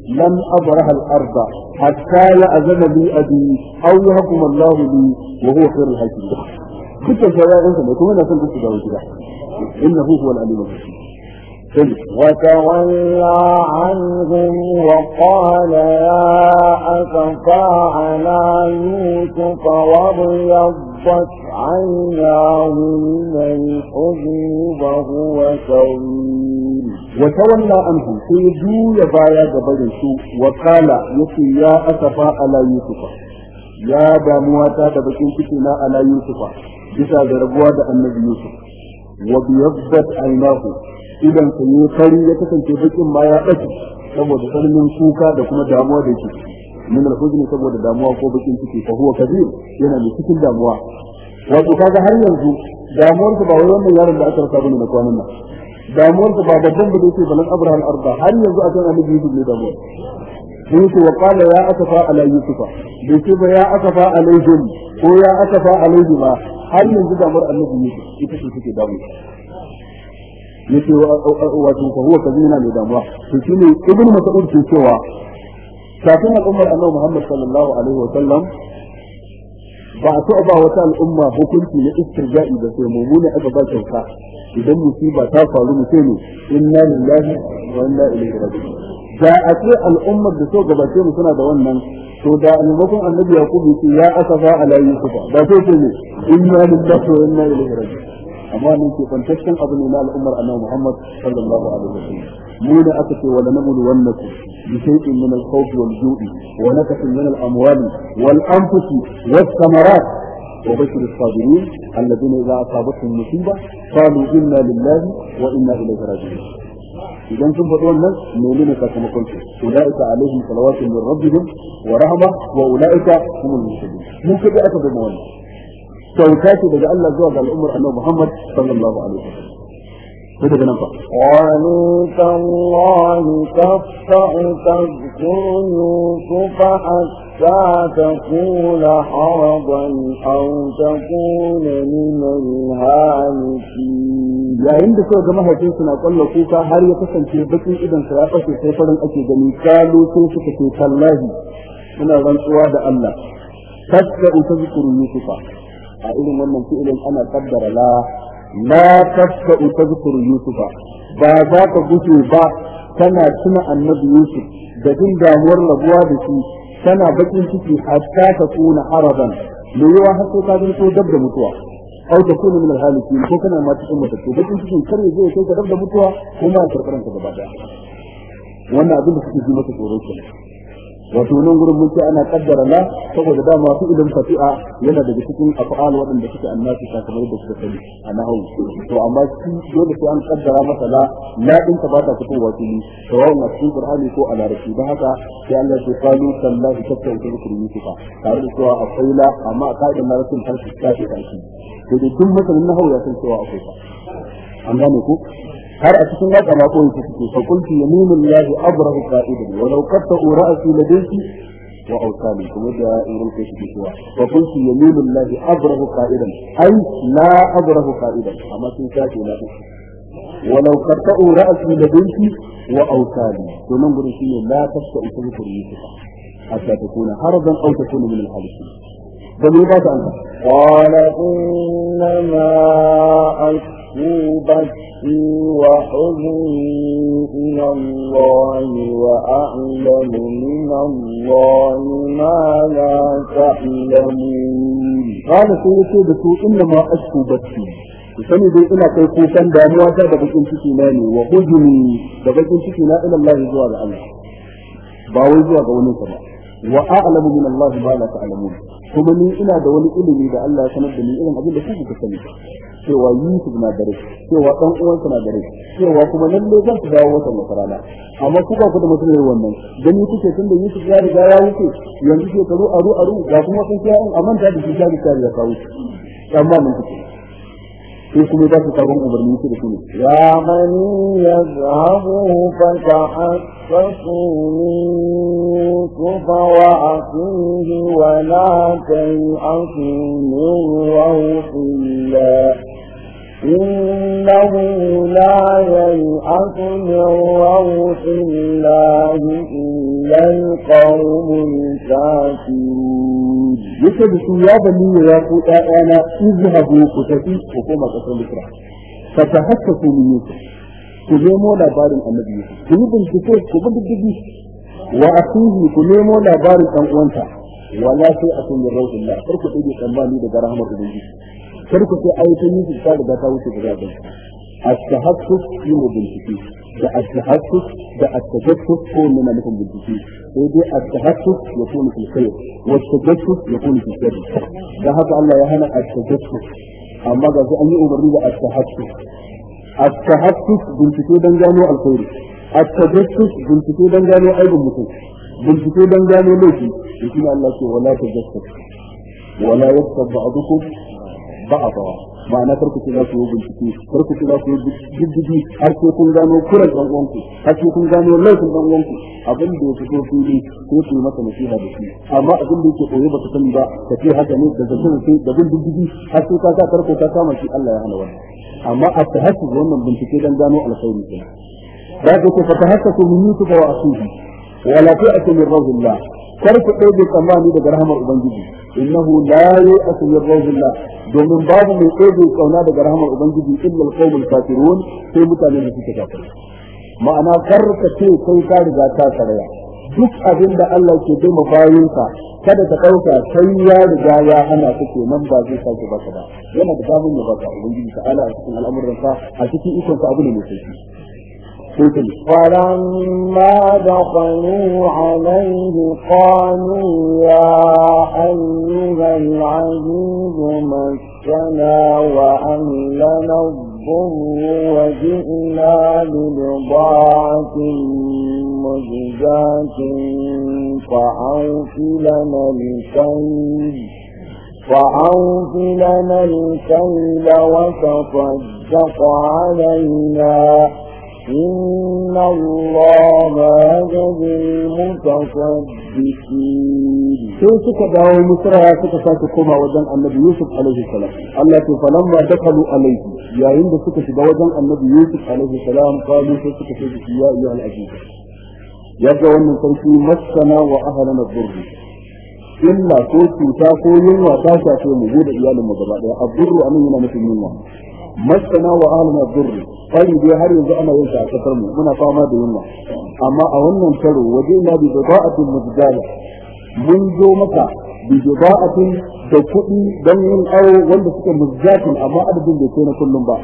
لم أبرح الأرض حتى لأذن لي أبي أو يهكم الله لي وهو خير الحاكمين. كنت شوائع انت ما كنا نسال كنت داوي كده. إنه هو العليم الحكيم. وتولى عنهم وقال يا أسفى على يوسف وابيضت عيناه من الحزن وهو كريم وتولى عنهم سيدو يبايا قبل سوء وقال يسي يا أسفى على يوسف يا دامواتا تبكين كتنا على يوسف بسا دربوا دا النبي يوسف وبيضت عيناه idan sa ne fari ya kasance bakin ma ya bace saboda tsananin kuka da kuma damuwa da ke. min al-huzni saboda damuwa ko bakin ciki fa huwa kabir yana da cikin damuwa wato kaga har yanzu damuwar ba wai wannan yaron da aka rasa bane na kwanan nan damuwar ba babban bude da yake balan abrahal arba har yanzu akan annabi yusuf ne damuwa yusuf wa qala ya asafa ala yusufa bai ba ya asafa alaihim ko ya asafa alaihima har yanzu damuwar annabi yusuf ita ce take damuwa yace wato fa huwa kazina mai damuwa to shine ibnu mas'ud ke cewa kafin al'ummar annabi Muhammad sallallahu alaihi wa sallam ba a ba wata al'umma hukunci na istirja'i da sai mummuna aka ba kyauta idan musiba ta faru mu ce ne inna lillahi wa inna ilaihi raji'un da a ce al'ummar da so gabace mu suna da wannan to da maimakon annabi ya yaqub ya ce a asafa ala yusuf ba sai ce ne inna lillahi wa inna ilaihi raji'un أما نكي فانتشن أبن إلى الأمر أنه محمد صلى الله عليه وسلم مولا أكت ولنبل ونكم بشيء من الخوف والجوع ونكت من الأموال والأنفس والثمرات وبشر الصابرين الذين إذا أصابتهم مصيبة قالوا إنا لله وإنا إليه راجعون إذا أنتم الناس نولنا كما قلت أولئك عليهم صلوات من ربهم ورحمة وأولئك هم المسلمون من كيف أتى بالمؤمن kyauta ce daga Allah zuwa ga al'ummar Annabi Muhammad sallallahu alaihi wasallam sai daga nan fa qalu tallahi tafsa'u tadhkuru yusufa hatta taqula haraban aw taqula min al-halikin yayin da suka ga mahaifin suna kwallo kuka har ya kasance bakin idan sa ya fashe sai farin ake gani kalu sai suka ce rantsuwa da Allah tafsa'u tadhkuru yusufa a irin wannan fi'ilin ana kaddara la la tasfa'u tazkuru yusufa ba za ka gushe ba tana tuna annabi yusuf da jin damuwar rabuwa da shi tana bakin ciki hatta ta kuna araban. me yawa har sai ka zanto dab da mutuwa أو تكون من الهالكين ko kana ma cikin matattu bakin cikin kar ya zai kai ka da mutuwa kuma ya karkaran ka gaba daya wannan abin da suke ji masa tsoro kenan wato nan gurin mun ce ana kaddara la saboda da masu ilin fati'a yana daga cikin af'al waɗanda suke annabi ta kamar da suka sani a nahawu to amma shi dole sai an kaddara masa la la din ta ba ta fitowa fili sawa'un a cikin qur'ani ko a larabci da haka sai Allah ya kalu sallahu takkau ta zikri yusufa tare da cewa akwai la amma a ka'idar larabcin har su tashi tashi to duk na nahawu ya san cewa akwai fa an gane ku هل أتكلم لك أن أقول فيك فقلت يمين الله أبره قائدا ولو قطعوا رأسي لديك وأوتاني ودائر الكشف سواء فقلت يمين الله أبره قائدا أي لا أبره قائدا أما تنساك لا ولو قطعوا رأسي لديك وأوتاني تنظر فيه لا تفتع تذكر يوسف حتى تكون هربا أو تكون من الحالسين بل يبعد عنها قال إنما أشكر بثي وحزني إلى الله وأعلم من الله ما لا تعلمون قال سيدي بسوء إنما أشكو بثي sani dai ina kai kukan damuwa ta da bakin ciki na ne wa hujumi da bakin ciki na ila zuwa ga Allah ba wai zuwa ga wani ba wa a'lamu min Allah ma la ta'lamun kuma ni ina da wani ilimi da Allah ya sanar da ni irin abin da kuka sani cewa Yusuf na dare cewa dan na dare cewa kuma lalle zan su dawo wata masarana amma kuka ku da mutumin wannan dan ni kuke tunda Yusuf ya riga ya wuce yanzu shekaru aru aru ga kuma sun kiyaye amanta da shi ta riga ya kawo amma mun kuke sai kuma za su sabon umarni su da su ne. Ya bani ya zahabu ka hasasu min Yusufa wa akihi wa la kai asu min rawfilla. إنه لا ييأس من روح الله إلا القوم الكافرون yake da su ya bani ya in ɗayana izhabu ku tafi ku koma ƙasar misra fa tahassasu min yusuf ku nemo labarin annabi yusuf ku yi bincike ku bi diddigi wa akhihi ku nemo labarin ɗan uwanta wala sai a kun yarau illa kar ku ɗage tsammani daga rahmar ubangiji kar ku sai ayyukan yusuf ta riga ta wuce daga abin as-tahassus ta yi bincike ده التحسس ده التجسس كل ما لكم بالجسيم ودي التحسس يكون في الخير والتجسس يكون في الشر ده هذا الله يهنا التجسس أما ده أي أمرني ده التحسس التحسس بنتكو دنجانو الخير التجسس بنتكو دنجانو عيب المسلم bincike don gano laifi da shi Allah ke wala ta wala ba'dukum ba na farko ce za ku yi bincike farko ce za ku yi diddigi har sai kun gano kuran dan uwanku har sai kun gano laifin dan uwanku abin da ya fito fili ko ku yi masa nasiha da shi amma abin da yake koyi ba ka sani ba ka ce haka ne da zaton sai da bin diddigi har sai ka sa farko ka kama shi Allah ya hana wannan amma a tahassu wannan bincike dan gano alkhairi kenan da ku fatahassu min yusufa wa asuhi ولا تأت من روح الله kar ka ɗauke tsammani daga rahamar ubangiji innahu la yu'asu min rawhillah domin babu mai ɗauke tsauna daga rahamar ubangiji illa al-qawmul kafirun sai mutanen da suke kafirai ma'ana kar ka ce kai ka riga ta karaya duk abin da Allah ke bai ma bayinsa kada ka ɗauka sai ya riga ya hana ka nan ba zai sake baka ba yana da damun ya baka ubangiji ala a cikin al'amuransa a cikin ikonsa abu ne mai sauki فلما دخلوا عليه قالوا يا أيها العزيز مسنا وأهلنا الضر وجئنا ببضاعة مجزاة لنا الكيل فأوف لنا الكيل وتصدق علينا إن الله يجزي المتصدقين sai suka dawo misra suka sake koma wajen annabi yusuf alaihi Allah ce falamma dakalu alaihi yayin da suka shiga wajen annabi yusuf alaihi salam kalu sai ya iya wannan sarki masana wa ahlana burri illa ko cuta ko yunwa ta shafe mu da iyalin mu gaba daya aburru yana yunwa masana wa ahluna durri kai dai har yanzu ana yin ta a kasar mu muna fama da yunwa amma a wannan karo waje na bi bida'atin mujdala mun zo maka bi bida'atin da kuɗi don yin aro wanda suke muzjatin amma adadin da ke na kullum ba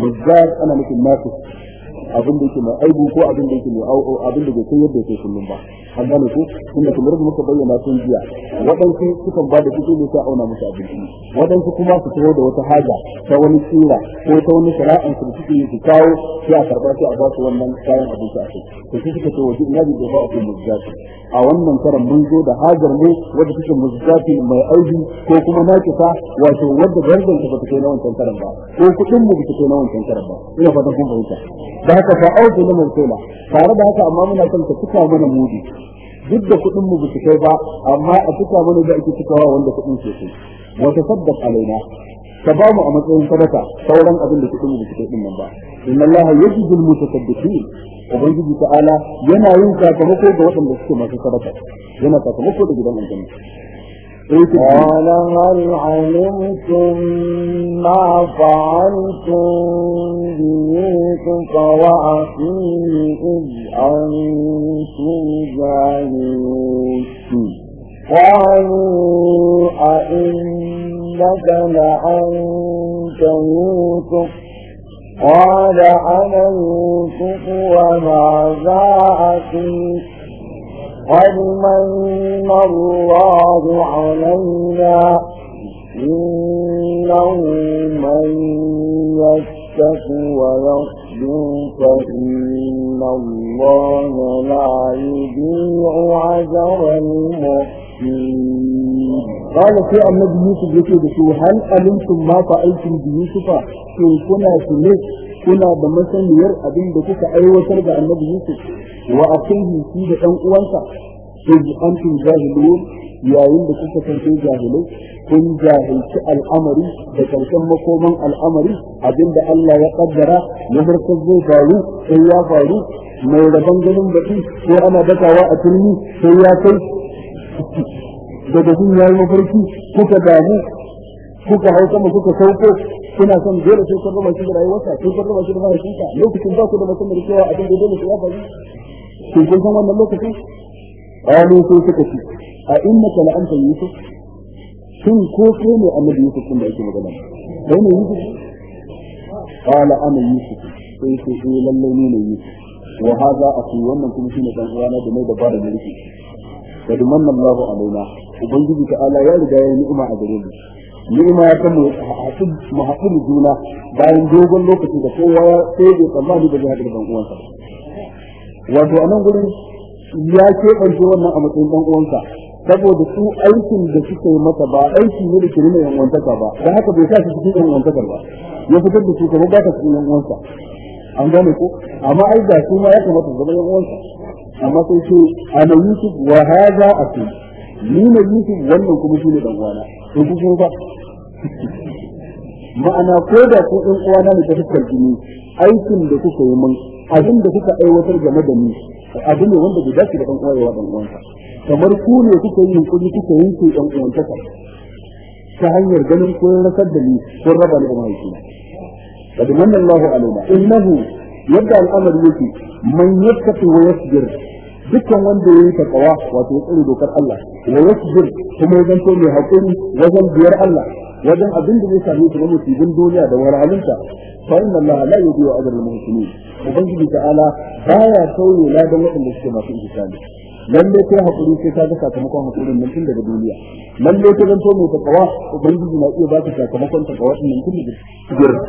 muzjat ana nufin nasu abin da yake mai aibu ko abin da yake mai abin da ke kai yadda yake kullum ba an gane ku inda kamar da muka bayyana tun jiya waɗansu sukan ba da kuɗi ne sai auna musu abinci waɗansu kuma su tawo da wata haja ta wani tsira ko ta wani sana'an su suke yi su kawo sai a karɓa sai a ba su wannan kayan abinci a kai to sai suka ce waje ina da ba a kai muzzati a wannan karan mun zo da hajar ne wadda take muzzati mai aiki ko kuma na nakisa wato wadda gardan ta bata kai na wancan karan ba ko kuɗin mu bata kai na wancan karan ba ina fatan kun fahimta da haka fa auzu liman tare da haka amma muna son ka cika mana mudi duk da kuɗin mu bisu kai ba amma a cika mana da ake cikawa wanda kuɗin ke kai wa tasaddaq alaina ka ba mu a matsayin sadaka sauran abin da kuɗin mu bisu kai din nan ba inna allaha yajidu almutasaddiqin ubangiji ta'ala yana yin sakamako ga waɗanda suke masu sadaka yana sakamako da gidan aljanna قال هل علمتم ما فعلتم بيوسف وأخيه إذ أنتم جاهلون قالوا أئنك لأنت يوسف قال أنا يوسف وماذا أخيك قد من الله علينا إنه من يشتك ويصدر فإن الله لا يضيع عجر المحسنين قال في النبي يوسف يقول هل أمنتم ما فعلتم بيوسف كيف كنا في kuna da masaniyar abin da kuka aiwatar da annabi Yusuf wa akhihi shi da ɗan uwansa in antum jahilun yayin da kuka kance jahilai kun jahilci al'amari da karshen makoman al'amari da Allah ya kaddara na farko zai faru sai ya faru mai rabon ganin baki ko ana dakawa a turmi sai ya kai daga jin yayi mafarki kuka damu kuka hau sama kuka sauko kuna son dole sai kun raba shi da rayuwarsa sai kun raba shi da mahaifinsa lokacin ba ku da mutum da cewa abin da dole su ya faru kun kun san wannan lokacin Alu sai suka ci. a innaka la anta yusuf shin ko kai ne annabi yusuf kun da yake magana kai ne yusuf qala ana yusuf sai ce eh lallai ni ne yusuf wa hadha akhi wannan kuma shine dan uwana da mai dabara da rike da dumanna Allahu alaina ubangiji ta'ala ya riga ya yi ni'ima a gare mu ni'ima ya san mu haɗu mu haɗu juna bayan dogon lokaci da kowa sai da tsammani da zai haɗu da uwansa wato a nan gurin ya keɓance wannan a matsayin ɗan uwansa saboda su aikin da suka yi masa ba aiki ne da ke nuna yan wantaka ba don haka bai sa su cikin yan wantakar ba ya fitar da su kuma ba ta cikin yan uwansa an gane ko amma ai da su ma ya kamata zama yan uwansa amma sai ce ana yusuf wa a akhi ni na yusuf wannan kuma shi ne dan uwana to kuma ba ma'ana ko da ku ɗan uwa na ta fuskar jini aikin da kuka yi mun abin da kuka aiwatar game da ni abin ne wanda bai dace da ɗan uwa ɗan uwanka, kamar ku ne kuka yi yunkuri kuka yanke ɗan uwantaka ta hanyar ganin ko rasar da ni ko raba ni da mahaifina قد من الله علينا yadda al'amari yake man yattaqi wa yasjir dukkan wanda yi takawa wato ya tsare dokar Allah wa yasjir kuma ya zanto mai hakuri wajen biyar Allah wajen abin da zai same su na musibin duniya da walhalinta fa inna allaha la yudhi'u ajra al-muhsinin ubangiji ta'ala baya kauye ladan waɗanda suke masu ihsani lalle kai hakuri sai ka ga sakamakon hakurin nan tun daga duniya lalle ka zanto mai takawa ubangiji na iya baka sakamakon takawa din nan tun daga duniya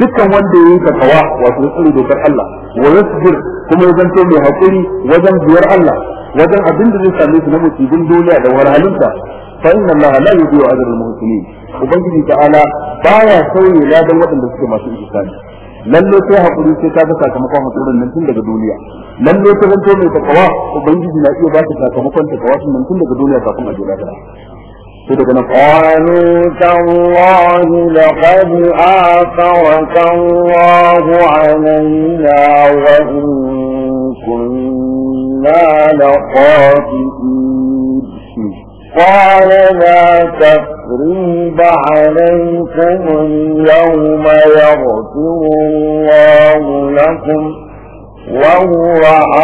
dukkan wanda yayi takawa wato tsare dokar Allah wa yasbir kuma ya zanto mai hakuri wajen biyar Allah wajen abin da zai same su na musibin duniya da walhalinta fa inna allaha la yudhi'u ajra al-muhsinin ubangiji ta'ala baya sauye ladan waɗanda suke masu ihsani lallo sai hakuri sai ka ga sakamakon hakurin nan tun daga duniya lallo ta zanto mai takawa ubangiji na iya ba ka sakamakon takawa nan tun daga duniya kafin a jira ta قالوا تالله لقد آثرك الله علينا وإن كنا لخاطئين قال لا تفعل تقريب عليكم اليوم يغفر الله لكم وهو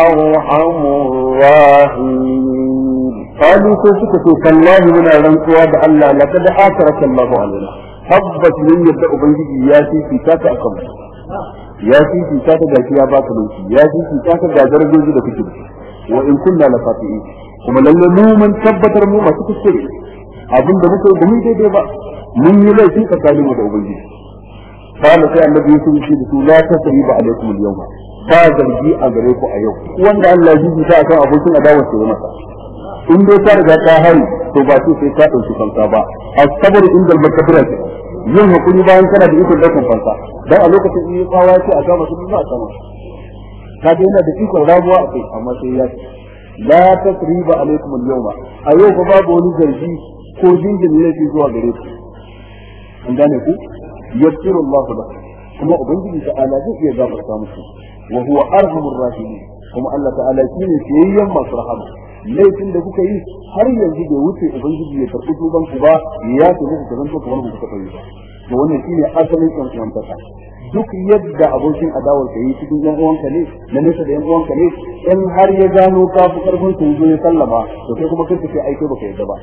أرحم الراحمين قالوا كيفك في الله من أغنقوا الله لقد آثرك الله علينا حبت من يبدأ بنجي ياسي في تاتا أقبل ياسي في تاتا جاكيا باطلوكي ياسي في تاتا جاكيا باطلوكي وإن كنا لفاتئين ومن lalle mu mun tabbatar mu masu abin da muka da mun daidai ba mun yi laifi tsakanin mu da ubangiji قال سي النبي يوسف يشير بسم لا تسريب عليكم اليوم ba zargi a gare ku a yau wanda Allah ya jiji ta kan abokin adawar sai masa in dai ta riga ta hari to ba su sai ka dauki fansa ba asabar inda al-makabira ce yin hakuri bayan kana da ikon daukan fansa dan a lokacin in ya ce a gama su ba a sama ka ga yana da ikon rabuwa a kai amma sai ya ce la tasriba alaikum al-yawma a yau ba babu wani zargi ko jinjin laifi zuwa gare su an gane ku yaghfiru Allahu ba. kuma ubangiji ta ala zai iya gafarta musu wa huwa arhamur rahimin kuma Allah ta'ala shine fiyayyen masu rahama laifin da kuka yi har yanzu bai wuce ubangiji ya karɓi tuban ku ba ya ce muku kazan ku wani kuka taɓa yi ba to wannan shine asalin ɗan ta. duk yadda abokin adawar ka yi cikin ɗan uwanka ne na nesa da ɗan uwanka ne in har ya gano ka fi ƙarfin su ya sallama to sai kuma kanka sai aike baka yadda ba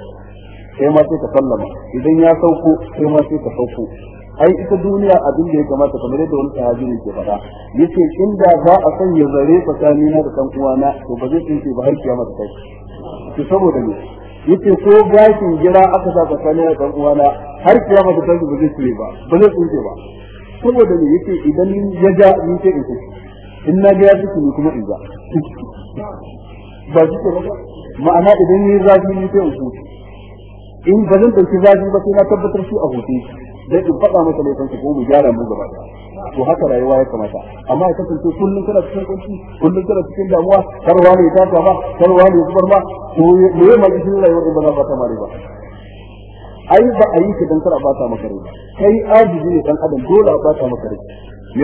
sai ma sai ka sallama idan ya sauko sai ma sai ka sauko ai ita duniya abin da ya kamata kamar yadda wani sahabi ne ke faɗa yace inda za a san ya zare tsakani na da kan uwana to ba zai tsinke ba har kiyama ta kai to saboda me yace ko gashin jira aka sa tsakani na kan uwana har kiyama ta kai ba zai tsinke ba ba zai tsinke ba saboda me yace idan ya ja ni sai in tsinke in na ga ya tsinke ni kuma in ja ba shi ke ba ma'ana idan ni zafi ni sai in tsinke in ba zan dauki zafi ba sai na tabbatar shi a shi, dan in faɗa masa laifin ko mu gyara mu gaba to haka rayuwa ya kamata amma ya kasance kullum kana cikin kunci kullum kana cikin damuwa karwa wani ta ba, ba wani ne zubar ba to me ya maji cikin rayuwar in ba za ba ta mare ba ai ba a yi ka dan kar a bata maka rai kai ajizi ne dan adam dole a bata maka rai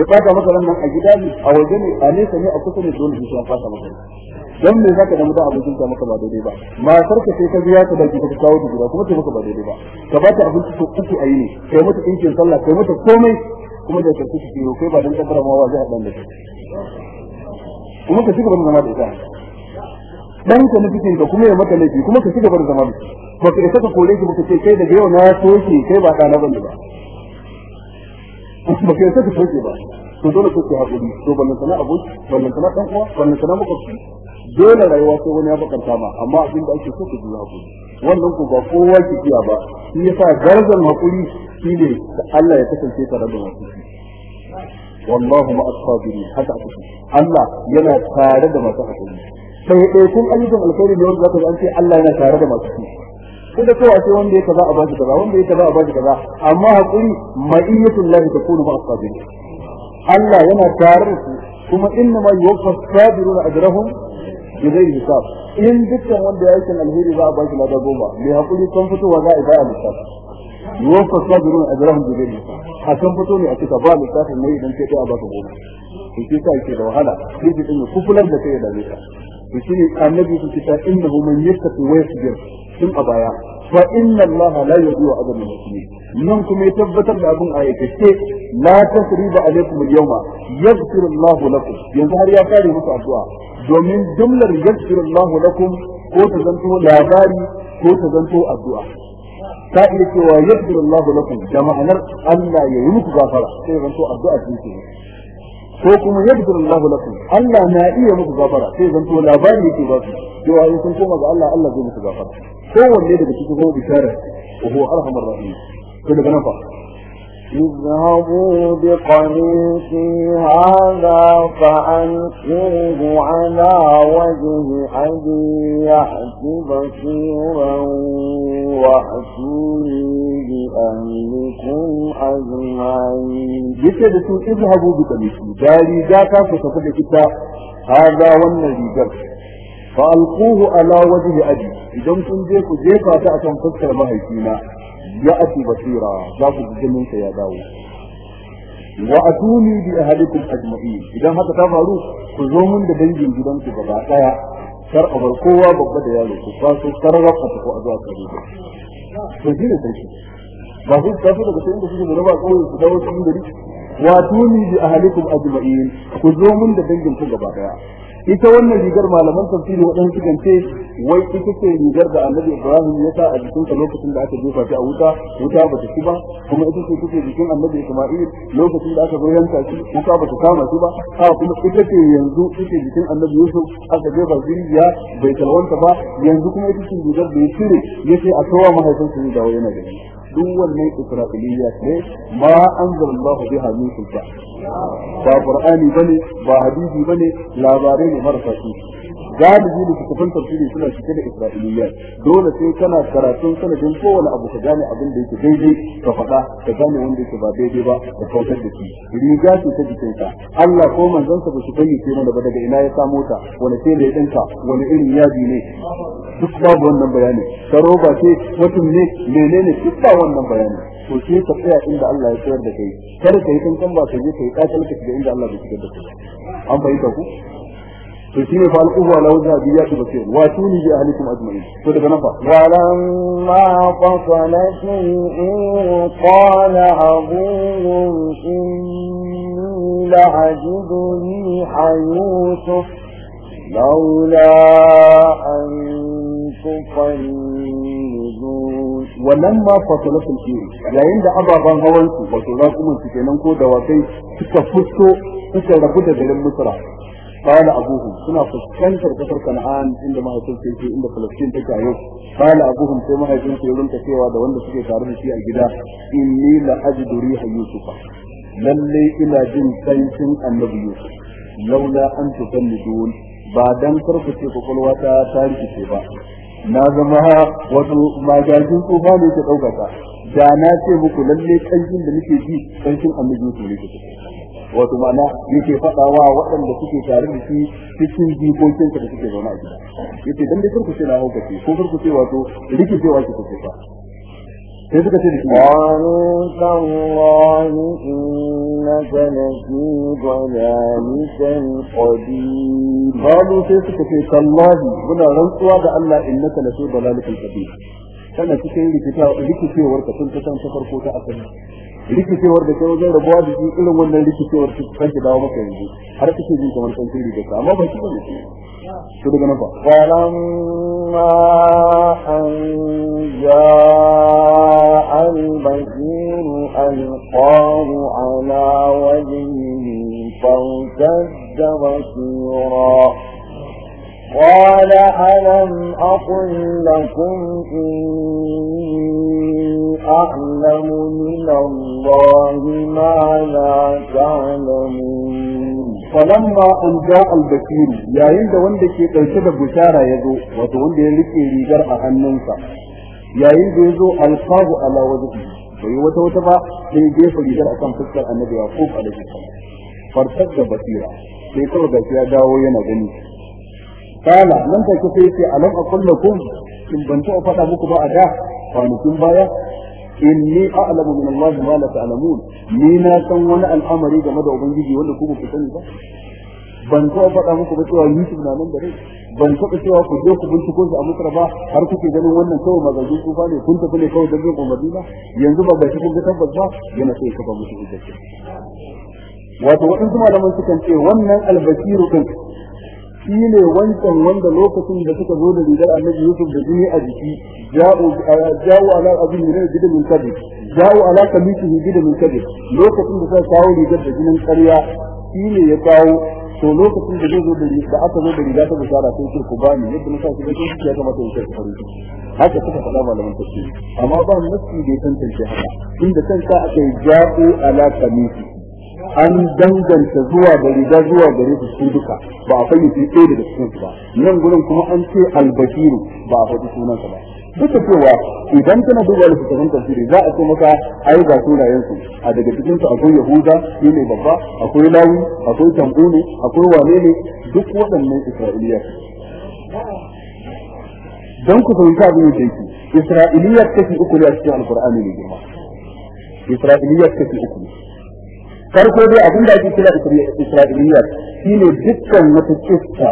me bata maka nan a gida ne a waje ne a nesa ne a kusa ne dole sai a bata maka rai dan me zaka da mutum abincin ta maka ba daidai ba matar ka sai ka biya ta baki ka kawo ta gida kuma ta maka ba daidai ba ka ba ta abinci to uku a yi ne kai mata dinkin sallah kai mata komai kuma da karfi ki kai ba dan kaddara ma wa zai hadan da kuma ka cigaba da zama da ita dan ka nufin ka kuma ya mata laifi kuma ka cigaba da zama da ba ka isa ka kore ki baka ce kai daga yau na soke kai ba ɗana bane ba ba ka isa ka soke ba to dole ka ce hakuri to ballan sana abu ballan sana dan uwa ballan sana makwabci dole rayuwa sai wani ya bakanta ma amma abin da ake so ka juna hakuri wannan ku ba kowa ki iya ba shi yasa garzan hakuri shine Allah ya kasance tare da hakuri wallahu ma asabiri haka aka Allah yana tare da masu hakuri sai dai kun ayyukan alkhairi da wanda zaka ji an ce Allah yana tare da masu hakuri da kowa sai wanda ya kaza a bashi kaza wanda ya kaza a bashi kaza amma hakuri ma'iyyatul lahi takunu ma asabiri Allah yana tare da su kuma inna ma yuwaffa sabiruna ajrahum bi zai hisab in dukkan wanda ya aikin alheri za a shi lada goma mai hakuri kan fitowa za a baya lisaf yofa sabirun a bi zai hisab a kan fito ne a cika ba lissafin ne idan sai a baka goma to shi sa yake da wahala shi din kufulan da kai da nika to shi annabi su kita innahu man yattaqi wa biyar. tun a baya fa inna Allah la yudhi'u ajra al-muslimin nan kuma ya tabbatar da abin a yake ce la tasriba alaykum al-yawma yaghfiru Allah lakum yanzu har ya kare musu addu'a domin jumlar yaghfiru Allah lakum ko ta zanto labari ko ta zanto addu'a ta iya cewa yaghfiru Allah lakum da ma'anar Allah ya yi muku gafara sai zanto addu'a ce ko kuma yadkur Allahu lakum Allah na iya muku gafara sai zanto labari yake ba su cewa in sun koma ga Allah Allah zai muku gafara ko wanne daga cikin ko bishara wa huwa arhamar rahim to daga nan fa اذهبوا بقميصي هذا فأنشره على وجه أبي يأت بصيرا وأتوني بأهلكم أجمعين. جئت بسوء اذهبوا بقميصي داري جاتا فتقول كتاب هذا والنبي جاتا فألقوه على وجه أبي إذا كنت جيكو جيكا تأتم فكر فينا ya ati basira za ku ji jinin sa ya dawo wa atuni bi ahlikum ajma'in idan haka ta faru ku zo mun da dangin gidanku gaba daya kar a bar kowa babba da yaro ku kar kararra ku ko azuwa kare ku to shi ne sai ba su fi daga cikin da suke da ba kauye su dawo cikin gari wa atuni bi ahlikum ajma'in ku zo mun da dangin ku gaba daya ita wannan rigar malaman tafsiri waɗansu sukan ce wai ita ce rigar da annabi ibrahim ya sa a jikinsa lokacin da aka jefa shi a wuta wuta ba ta ci ba kuma ita ce take jikin annabi isma'il lokacin da aka zo yanka shi wuta ba ta kama shi ba ha kuma ita ce yanzu ita jikin annabi yusuf aka jefa shi ya bai talwanta ba yanzu kuma ita ce rigar da ya cire ya ce a kowa mahaifinsa ne da wani na gani duk wannan isra'iliya ne ma anzala Allahu biha min sultan ba qur'ani bane ba hadisi bane labarai ne marasa su galibi da kafin tafsiri suna cike da isra'iliya dole sai kana karatun sanadin kowane abu ka gane abin da yake daidai ka faɗa ka gane wanda yake ba daidai ba ka kautar da shi riga ce ta jikinka Allah ko manzon sa ba shi bayyana mana ba daga ina ya samo ta wani sai da ya dinka wani irin yaji ne duk babu wannan bayani ta roba ce mutum ne menene duk ba wannan bayani to ke ka tsaya inda Allah ya tsayar da kai kar ka yi kankan ba ka je ka yi kasal ka shiga inda Allah bai shigar da kai an fahimta ku to shine fa alqubu ala wajha biyati basir wa tuni bi ahlikum ajma'in to daga nan fa walamma fasala shay'in qala abun inni la'ajidu ni hayusuf لولا أن wannan ma fasolatul kiyo yayin da ababan hawan su wato za su mutu kenan ko da wakai suka fito suka rabu da garin Misra qala abuhum suna fuskantar kasar kan'an inda mahaifin su yake inda Palestine take yau qala abuhum sai mahaifin su yurin cewa da wanda suke tare da shi a gida inni la ajidu riha yusufa Lallai ina jin sancin annabi yusuf laula an tukallidun ba dan ce kwakwalwa ta tarihi ce ba na zama wato magajin tsufa ne ta ɗaukaka da na ce muku lalle kanjin da nake ji kanjin annabi su ne wato ma'ana yake faɗawa waɗanda suke tare da shi cikin jikokinsa da suke zaune a gida yake dan dai ce na haukace ko ce wato rikicewa ki kuke fa sai suka ce da shi qalu tallahi إنك لفي ضلالك القديم قالوا سيسك تالله هنا رنسوا بأن إنك لفي ضلالك القديم kana cikin كتاب لكي في ورقة ta san ta rikicewar da kai wajen rabuwa da shi irin wannan rikicewar su kan ki dawo maka yanzu har kake jin kamar kan sirri da ka amma ba shi ba ne to daga nan ba falamma an ya ja البشير ألقاه على وجهه فارتد بصيرا قال ألم أقل لكم إني أعلم من الله ما لا تعلمون فلما أن جاء البكير يا عند وندك يتوشد بشارة يدو وتوند يلك يريجر أهننسا يا عند يزو ألقاه على وجهه bai wata wata ba sai jefa rigar a kan fuskar annabi yaqub alaihi salam fartar da basira sai kawai gashi ya dawo yana gani kala nan take sai ce alam aqul lakum in ban ta faɗa muku ba a da kwanakin baya inni a'lamu min Allah ma la ta'lamun ni na san wani al'amari game da ubangiji wanda ku ba ku sani ba ban taɓa faɗa muku ba cewa Yusuf na nan da rai ban taɓa cewa ku je ku binciko shi a Misr ba har kuke ganin wannan kawai magajin kufa ne kun tafi ne kawai don bin umarni ba yanzu ba gashi kun ga tabbas ba yana sai ka ba musu hujjaci wato waɗansu malaman sukan ce wannan albasiru din shi ne wancan wanda lokacin da suka zo da rigar annabi Yusuf da jini a jiki ja'u ja'u ala abin ne da min kabi ja'u ala kamisihi da min kabi lokacin da suka kawo rigar da jinin ƙarya shi ne ya kawo to lokacin da zai zo da da aka zo da riga ta bishara sai ce ba bani yadda na sa shi da shi ya kamata ya shi farin haka suka faɗa malaman tafsiri amma ba nasi da tantance haka inda kanka aka yi ja'u ala kamisihi an danganta zuwa gari, riga zuwa gare su su duka ba a fayyace ɗaya daga cikinsu ba nan gurin kuma an ce albashiru ba a faɗi sunansa ba duk da cewa idan kana duba da fitan tafsiri za a ce maka ai ga sunayen a daga cikinsu akwai yahuda ne babba akwai lawi akwai tambuni akwai wane ne duk waɗannan isra'iliya Don ku fahimta abin da yake isra'iliya kashi uku ne a cikin alqur'ani ne girma isra'iliya kashi uku ne farko dai abin da ake kira isra'iliya shi ne dukkan wata kista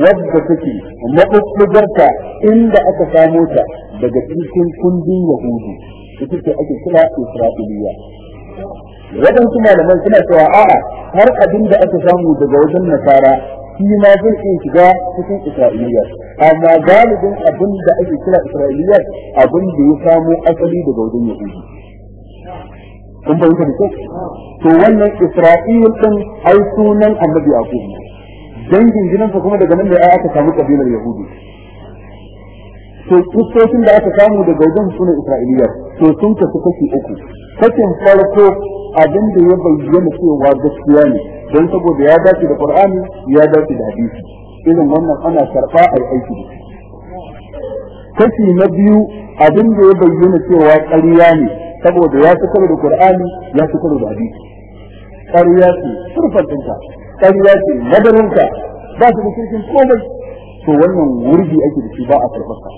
wadda take maɓuɓɓugarta inda aka samo ta daga cikin kundin yahudu ita ce ake kira isra'iliya waɗansu malaman suna cewa a'a har abin da aka samu daga wajen nasara shi ma zai iya shiga cikin isra'iliyar amma galibin abin da ake kira isra'iliyar abin da ya samo asali daga wajen yahudu kun fahimta da kyau to wannan isra'il din ai sunan annabi yaqub dangin jinansa kuma daga nan ne ai aka samu kabilar yahudi to kristocin da aka samu daga wajen sunan isra'iliya to sun kasu kashi uku kashin farko abin da ya bayyana cewa gaskiya ne don saboda ya dace da qur'ani ya dace da hadisi irin wannan ana karba ai aiki da kashi na biyu abin da ya bayyana cewa ƙarya ne saboda ya ci karo da Qur'ani ya ci karo da hadisi ƙarya ce surfan ɗinka ƙarya ce madarinka ba su da kirkin komai to wannan wurbi ake da shi ba a karɓarsa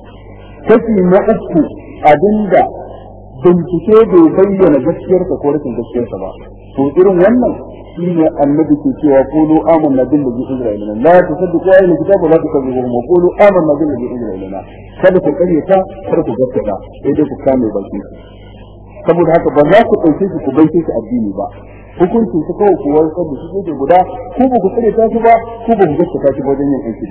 kashi na uku abinda bincike bai bayyana gaskiyarsa ko rashin gaskiyarsa ba to irin wannan shi ne annabi ke cewa na qulu amanna billahi izrailina la tusaddiqu ayna kitaba la tukazzibu wa qulu amanna billahi izrailina kada ku karyata kada ku gaskata sai dai ku kame baki saboda haka ba za ku ɗauke shi ku gaishe shi addini ba hukunci su kawai ku warkar da shi ne guda ku ba ku tsare ta shi ba ku ba ku gaskata shi wajen yin aiki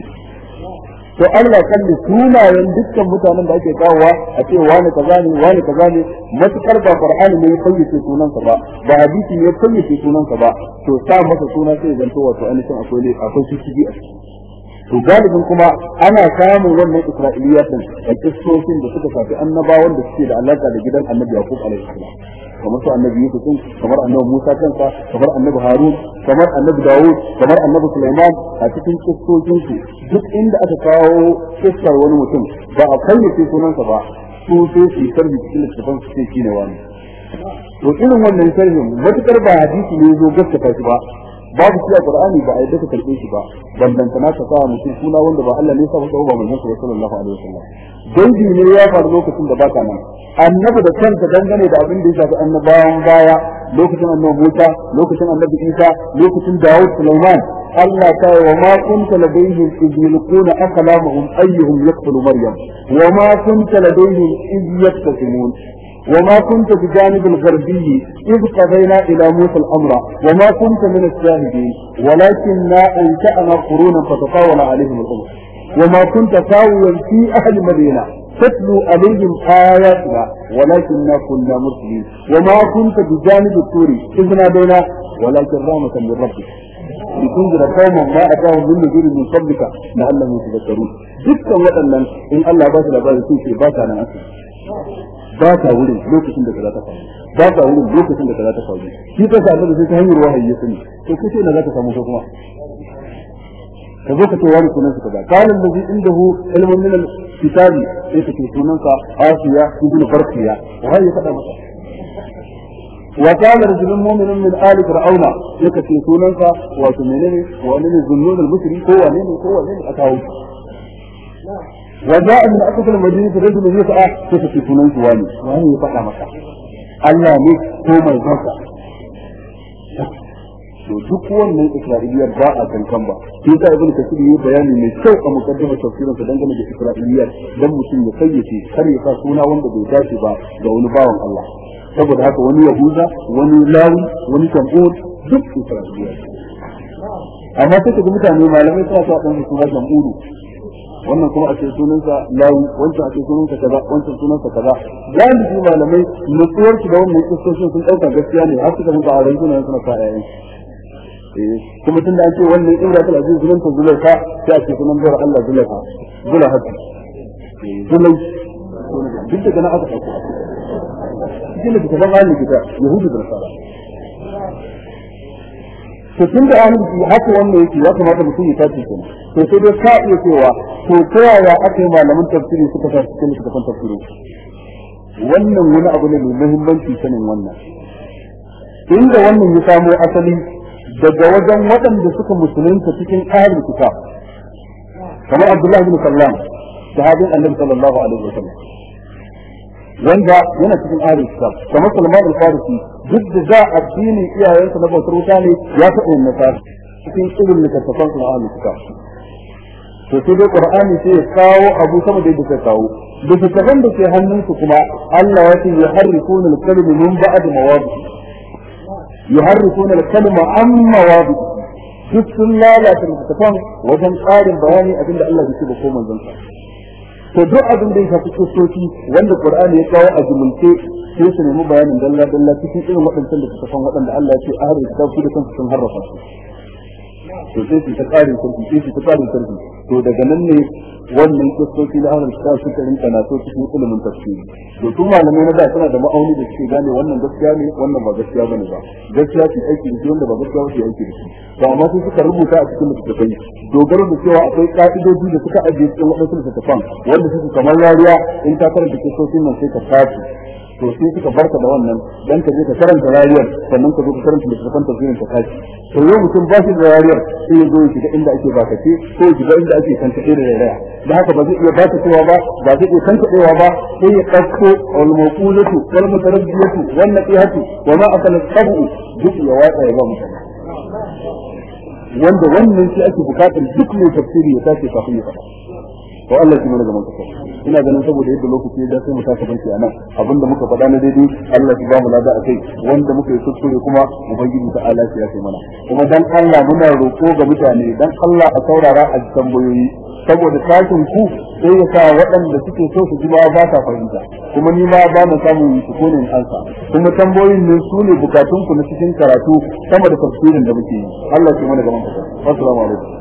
to Allah kalli sunayen dukkan mutanen da ake kawowa a ce wani kaza ne wani kaza ne matukar ba Qur'ani ne ya fayyace sunansa ba ba hadisi ne ya fayyace sunansa ba to sa masa suna sai zanto wato ainihin akwai akwai shi a ciki to kuma ana samun wannan isra'iliya din a kistocin da suka shafi annabawan da suke da alaka da gidan annabi yaqub alaihi salam kamar su annabi yusuf kamar annabi musa kansa kamar annabi harun kamar annabi dawud kamar annabi sulaiman a cikin kistocin su duk inda aka kawo kistar wani mutum ba a fayyace sunansa ba su sai su sarbi cikin littafin su shi ne wani to irin wannan sharhin matukar ba hadisi ne zo gaskata shi ba babu shi a qur'ani ba a yi ka karbe shi ba bambantana ka sa mutum suna wanda ba Allah ne ya saba ba manzon sallallahu alaihi wasallam dangi ne ya faru lokacin da baka nan annabi da kanka dangane da abin da ya shafi annabawan baya lokacin annabi Musa lokacin annabi Isa lokacin Dawud Sulaiman Allah ta wa ma kunta ladayhim idh yulquna aqlamahum ayyuhum yaqtulu maryam wa ma kunta ladayhim idh yaktasimun وما كنت بجانب الغربي إذ قضينا إلى موسى الأمر وما كنت من الشاهدين ولكننا أنشأنا قرونا فتطاول عليهم الأمر وما كنت ساويا في أهل المدينة تتلو عليهم آياتنا ولكننا كنا مسلمين وما كنت بجانب الطور إذ نادينا ولكن رحمة من ربك لتنذر قوما ما أتاهم من نذير من قبلك لعلهم يتذكرون دكا وأنا إن الله باسل لبعض فيك باسل أنا ba ka wurin lokacin da za ta faru ba ka wurin lokacin da za ta faru shi ka sa da sai ta hanyar wahayi ya sani to kace na ta samu ko kuma ka zo ka ce wani sunan ka ba kalan da zai inda hu ilmin min kitabi sai ka ce sunan ka asiya ibn farqiya wahayi ya faɗa masa وقال رجل مؤمن من ne فرعون يكفي سننك وتمنني وأنني ظنون المسلم هو نيني هو نيني أتاوي وجاء من أقصى المدينة رجل يسعى كيف تكونون كواني وأنا يفعل مكة Allah ne ko mai duk wannan isra'iliyar ba a kankan ba sai ta ibn kasir yi bayani mai kyau a mukaddimar tafsirin sa dangane da isra'iliyar dan mutum ya kayyace har ya sa suna wanda bai dace ba ga wani bawan Allah saboda haka wani yahuda wani lawi wani tambot duk isra'iliyar amma sai ga mutane malamai suna sa dan su ba wannan kuma a ce sunansa lawi wancan a ce sunansa kaza wancan sunansa kaza galibi malamai nutsuwar su da wannan kistoshin sun ɗauka gaskiya ne har suka muka auren sunan suna sa yayin eh, kuma tun da ake wannan imratul aziz sunanta zulaika sai a ake sunan bayar Allah zulaika zulaika eh, zulai duk da gana aka ɗauko cikin da ta zama ne kita yahudu da nasara to tun da an yi haka wannan yake ya kamata mutum ya tafi kuma to sai dai ka iya cewa to ta yaya aka yi malaman tafsiri suka sa cikin kan tafsiri wannan wani abu ne mai muhimmanci sanin wannan inda wannan ya samo asali daga wajen waɗanda suka musulunta cikin ahlul kuka, kamar Abdullahi bin Sallam sahabin Annabi sallallahu alaihi wasallam wanda yana cikin ahli kitab kamar Salman al-Farisi duk da za addini iyayensa na bautar wuta ne ya taɓa yin nasara cikin irin littattafan na ahli kitab to sai dai qur'ani sai ya kawo abu sama da yadda kawo littattafan da ke hannunsu kuma Allah ya ce ya harrifuna al-kalimi min ba'd mawadi yuharrifuna al-kalima an mawadi duk sun lalata littattafan wajen tsarin bayani abinda Allah ya ce ba ko manzon sa to duk abin da ya shafi kristoci wanda qur'ani ya kawo a jumulce sai su nemi bayanin dalla dalla cikin irin waɗancan da suka san waɗanda Allah ya ce ahlul kitab su da kansu sun harrafa su to sai su ta karin sarki sai su ta karin sarki to daga nan ne wannan kistoci na ahlul kitab suka rinka na so cikin ilimin tafsiri to su malamai na da suna da ma'auni da suke gane wannan gaskiya ne wannan ba gaskiya bane ba gaskiya ce aiki da wanda ba gaskiya ce aiki da shi to amma sai suka rubuta a cikin littattafai dogaro da cewa akwai ka'idoji da suka ajiye cikin wadansu littattafan wanda suke kamar yariya in ta karanta kistocin nan sai ka tashi to sai suka barka da wannan dan ka je ka karanta rariyar sannan ka zo ka karanta littafin tafsirin ka kaci to yau mutum ba shi da rariyar sai ya zo ya shiga inda ake ba kace ko ya shiga inda ake kanta da rariyar da haka ba zai iya ba cewa ba ba zai iya kanta cewa ba sai ya kasko wal maqulatu wal mutaraddiyatu wal naqihatu wa ma akala sabu duk ya watsa ya ba mutum? wanda wannan shi ake bukatar duk mai tafsiri ya tashi kafin ya faɗa to Allah shi mana gaban kasa ina ganin saboda yadda lokaci da sai mu tashi banki a nan abinda muka faɗa na daidai Allah shi ba mu lada akai wanda muka yi kuskure kuma ubangiji ta Allah shi ya kai mana kuma dan Allah muna roƙo ga mutane dan Allah a saurara a tambayoyi saboda tashin ku sai ya sa waɗanda suke so su ji ba sa fahimta kuma ni ma ba na samu su kone ansa kuma tambayoyin ne su ne bukatun ku na cikin karatu sama da tafsirin da muke yi Allah shi mana gaban kasa assalamu alaikum